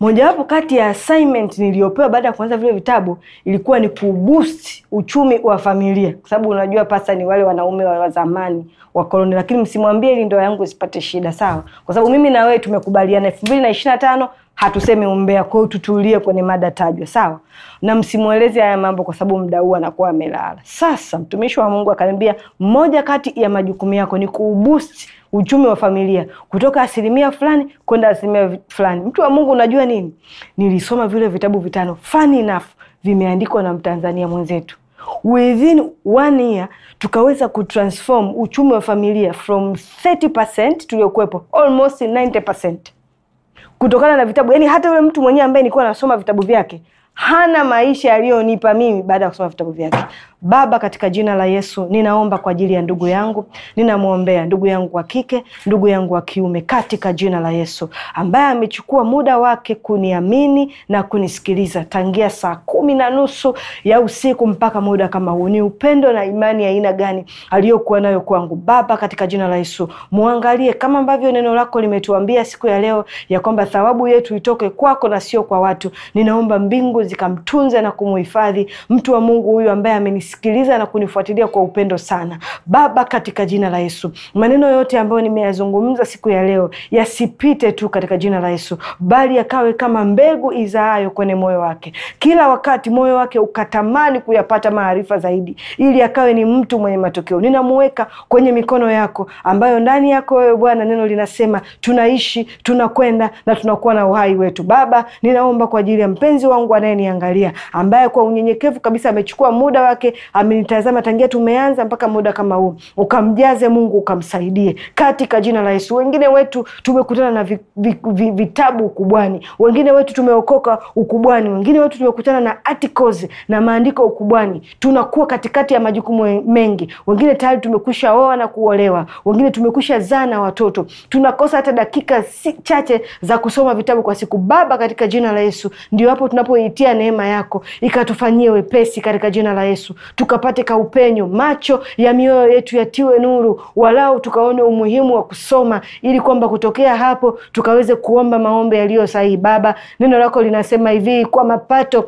Speaker 1: Mojawapo kati ya assignment niliyopewa baada ya kuanza vile vitabu ilikuwa ni kuboost uchumi wa familia, kwa sababu unajua pasa ni wale wanaume wa zamani koloni lakini msimwambie ili ndoa yangu isipate shida, sawa? Kwa sababu mimi na wewe tumekubaliana elfu mbili na na tano hatusemi umbea. Kwa hiyo tutulie kwenye mada tajwa, sawa, na msimweleze haya mambo, kwa sababu huu anakuwa amelala. Sasa mtumishi wa Mungu akaniambia, moja kati ya majukumu yako ni kuboost uchumi wa familia kutoka asilimia fulani kwenda asilimia fulani. Mtu wa Mungu, unajua nini, nilisoma vile vitabu vitano, funny enough, vimeandikwa na mtanzania mwenzetu within one year tukaweza kutransform uchumi wa familia from 30% tuliokuwepo almost 90% kutokana na vitabu. Yaani hata yule mtu mwenyewe ambaye nilikuwa nasoma vitabu vyake hana maisha yaliyonipa mimi baada ya kusoma vitabu vyake. Baba, katika jina la Yesu, ninaomba kwa ajili ya ndugu yangu, ninamwombea ndugu yangu wa kike, ndugu yangu wa kiume, katika jina la Yesu, ambaye amechukua muda wake kuniamini na kunisikiliza tangia saa kumi na nusu ya usiku mpaka muda kama huu. Ni upendo na imani ya aina gani aliyokuwa nayo kwangu? Baba, katika jina la Yesu, mwangalie kama ambavyo neno lako limetuambia siku ya leo ya kwamba thawabu yetu itoke kwako na sio kwa watu. Ninaomba mbingu zikamtunza na kumuhifadhi mtu wa Mungu huyu ambaye amenisikiliza na kunifuatilia kwa upendo sana. Baba, katika jina la Yesu, maneno yote ambayo nimeyazungumza siku ya leo yasipite tu katika jina la Yesu, bali yakawe kama mbegu izaayo kwenye moyo wake, kila wakati moyo wake ukatamani kuyapata maarifa zaidi, ili akawe ni mtu mwenye matokeo. Ninamuweka kwenye mikono yako, ambayo ndani yako wewe Bwana neno linasema tunaishi, tunakwenda na tunakuwa na uhai wetu. Baba, ninaomba kwa ajili ya mpenzi wangu anaye ananiangalia, ambaye kwa unyenyekevu kabisa amechukua muda wake, amenitazama tangia tumeanza mpaka muda kama huu. Ukamjaze Mungu, ukamsaidie katika jina la Yesu. Wengine wetu tumekutana na vi, vi, vi, vitabu ukubwani, wengine wetu tumeokoka ukubwani, wengine wetu tumekutana na articles na maandiko ukubwani. Tunakuwa katikati ya majukumu mengi, wengine tayari tumekusha oa na kuolewa, wengine tumekusha zaa na watoto. Tunakosa hata dakika si, chache za kusoma vitabu kwa siku. Baba, katika jina la Yesu ndio hapo tunapoitia kupitia neema yako ikatufanyie wepesi katika jina la Yesu, tukapate kaupenyo, macho ya mioyo yetu yatiwe nuru, walau tukaone umuhimu wa kusoma, ili kwamba kutokea hapo tukaweze kuomba maombi yaliyo sahihi. Baba, neno lako linasema hivi kwa mapato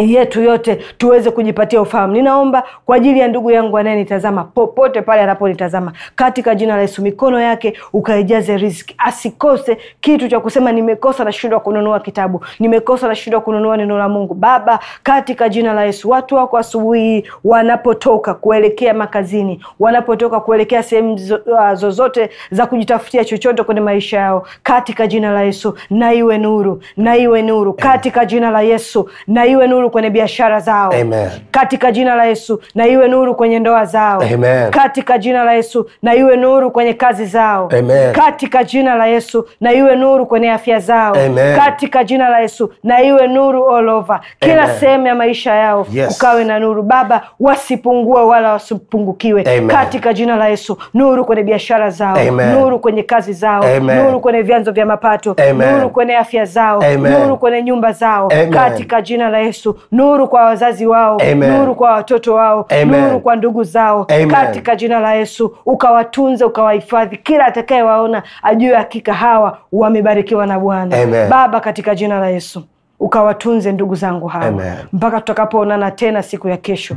Speaker 1: yetu yote tuweze kujipatia ufahamu. Ninaomba kwa ajili ya ndugu yangu anayenitazama popote pale anaponitazama, katika jina la Yesu, mikono yake ukaijaze riziki, asikose kitu cha kusema, nimekosa nashindwa kununua kitabu, nimekosa nashindwa kununua neno la Mungu. Baba, katika jina la Yesu, watu wako asubuhi wanapotoka kuelekea makazini, wanapotoka kuelekea sehemu ah, zozote za kujitafutia chochote kwenye maisha yao, katika jina la Yesu na iwe nuru, na iwe nuru, katika jina la Yesu na iwe nuru nuru kwenye biashara zao Amen. katika jina la Yesu, na iwe nuru kwenye ndoa zao Amen. katika jina la Yesu, na iwe nuru kwenye kazi zao Amen. katika jina la Yesu, na iwe nuru kwenye afya zao Amen. katika jina la Yesu, na iwe nuru all over, kila sehemu ya maisha yao yes. Ukawe na nuru Baba, wasipungue wala wasipungukiwe Amen. katika jina la Yesu, nuru kwenye biashara zao Amen. nuru kwenye kazi zao Amen. nuru kwenye vyanzo vya mapato Amen. nuru kwenye afya zao Amen. nuru kwenye nyumba zao Amen. katika jina la Yesu nuru kwa wazazi wao Amen. nuru kwa watoto wao Amen. nuru kwa ndugu zao Amen. katika jina la Yesu, ukawatunze ukawahifadhi, kila atakayewaona ajue hakika hawa wamebarikiwa na Bwana. Baba, katika jina la Yesu ukawatunze ndugu zangu hawa mpaka tutakapoonana tena siku ya kesho.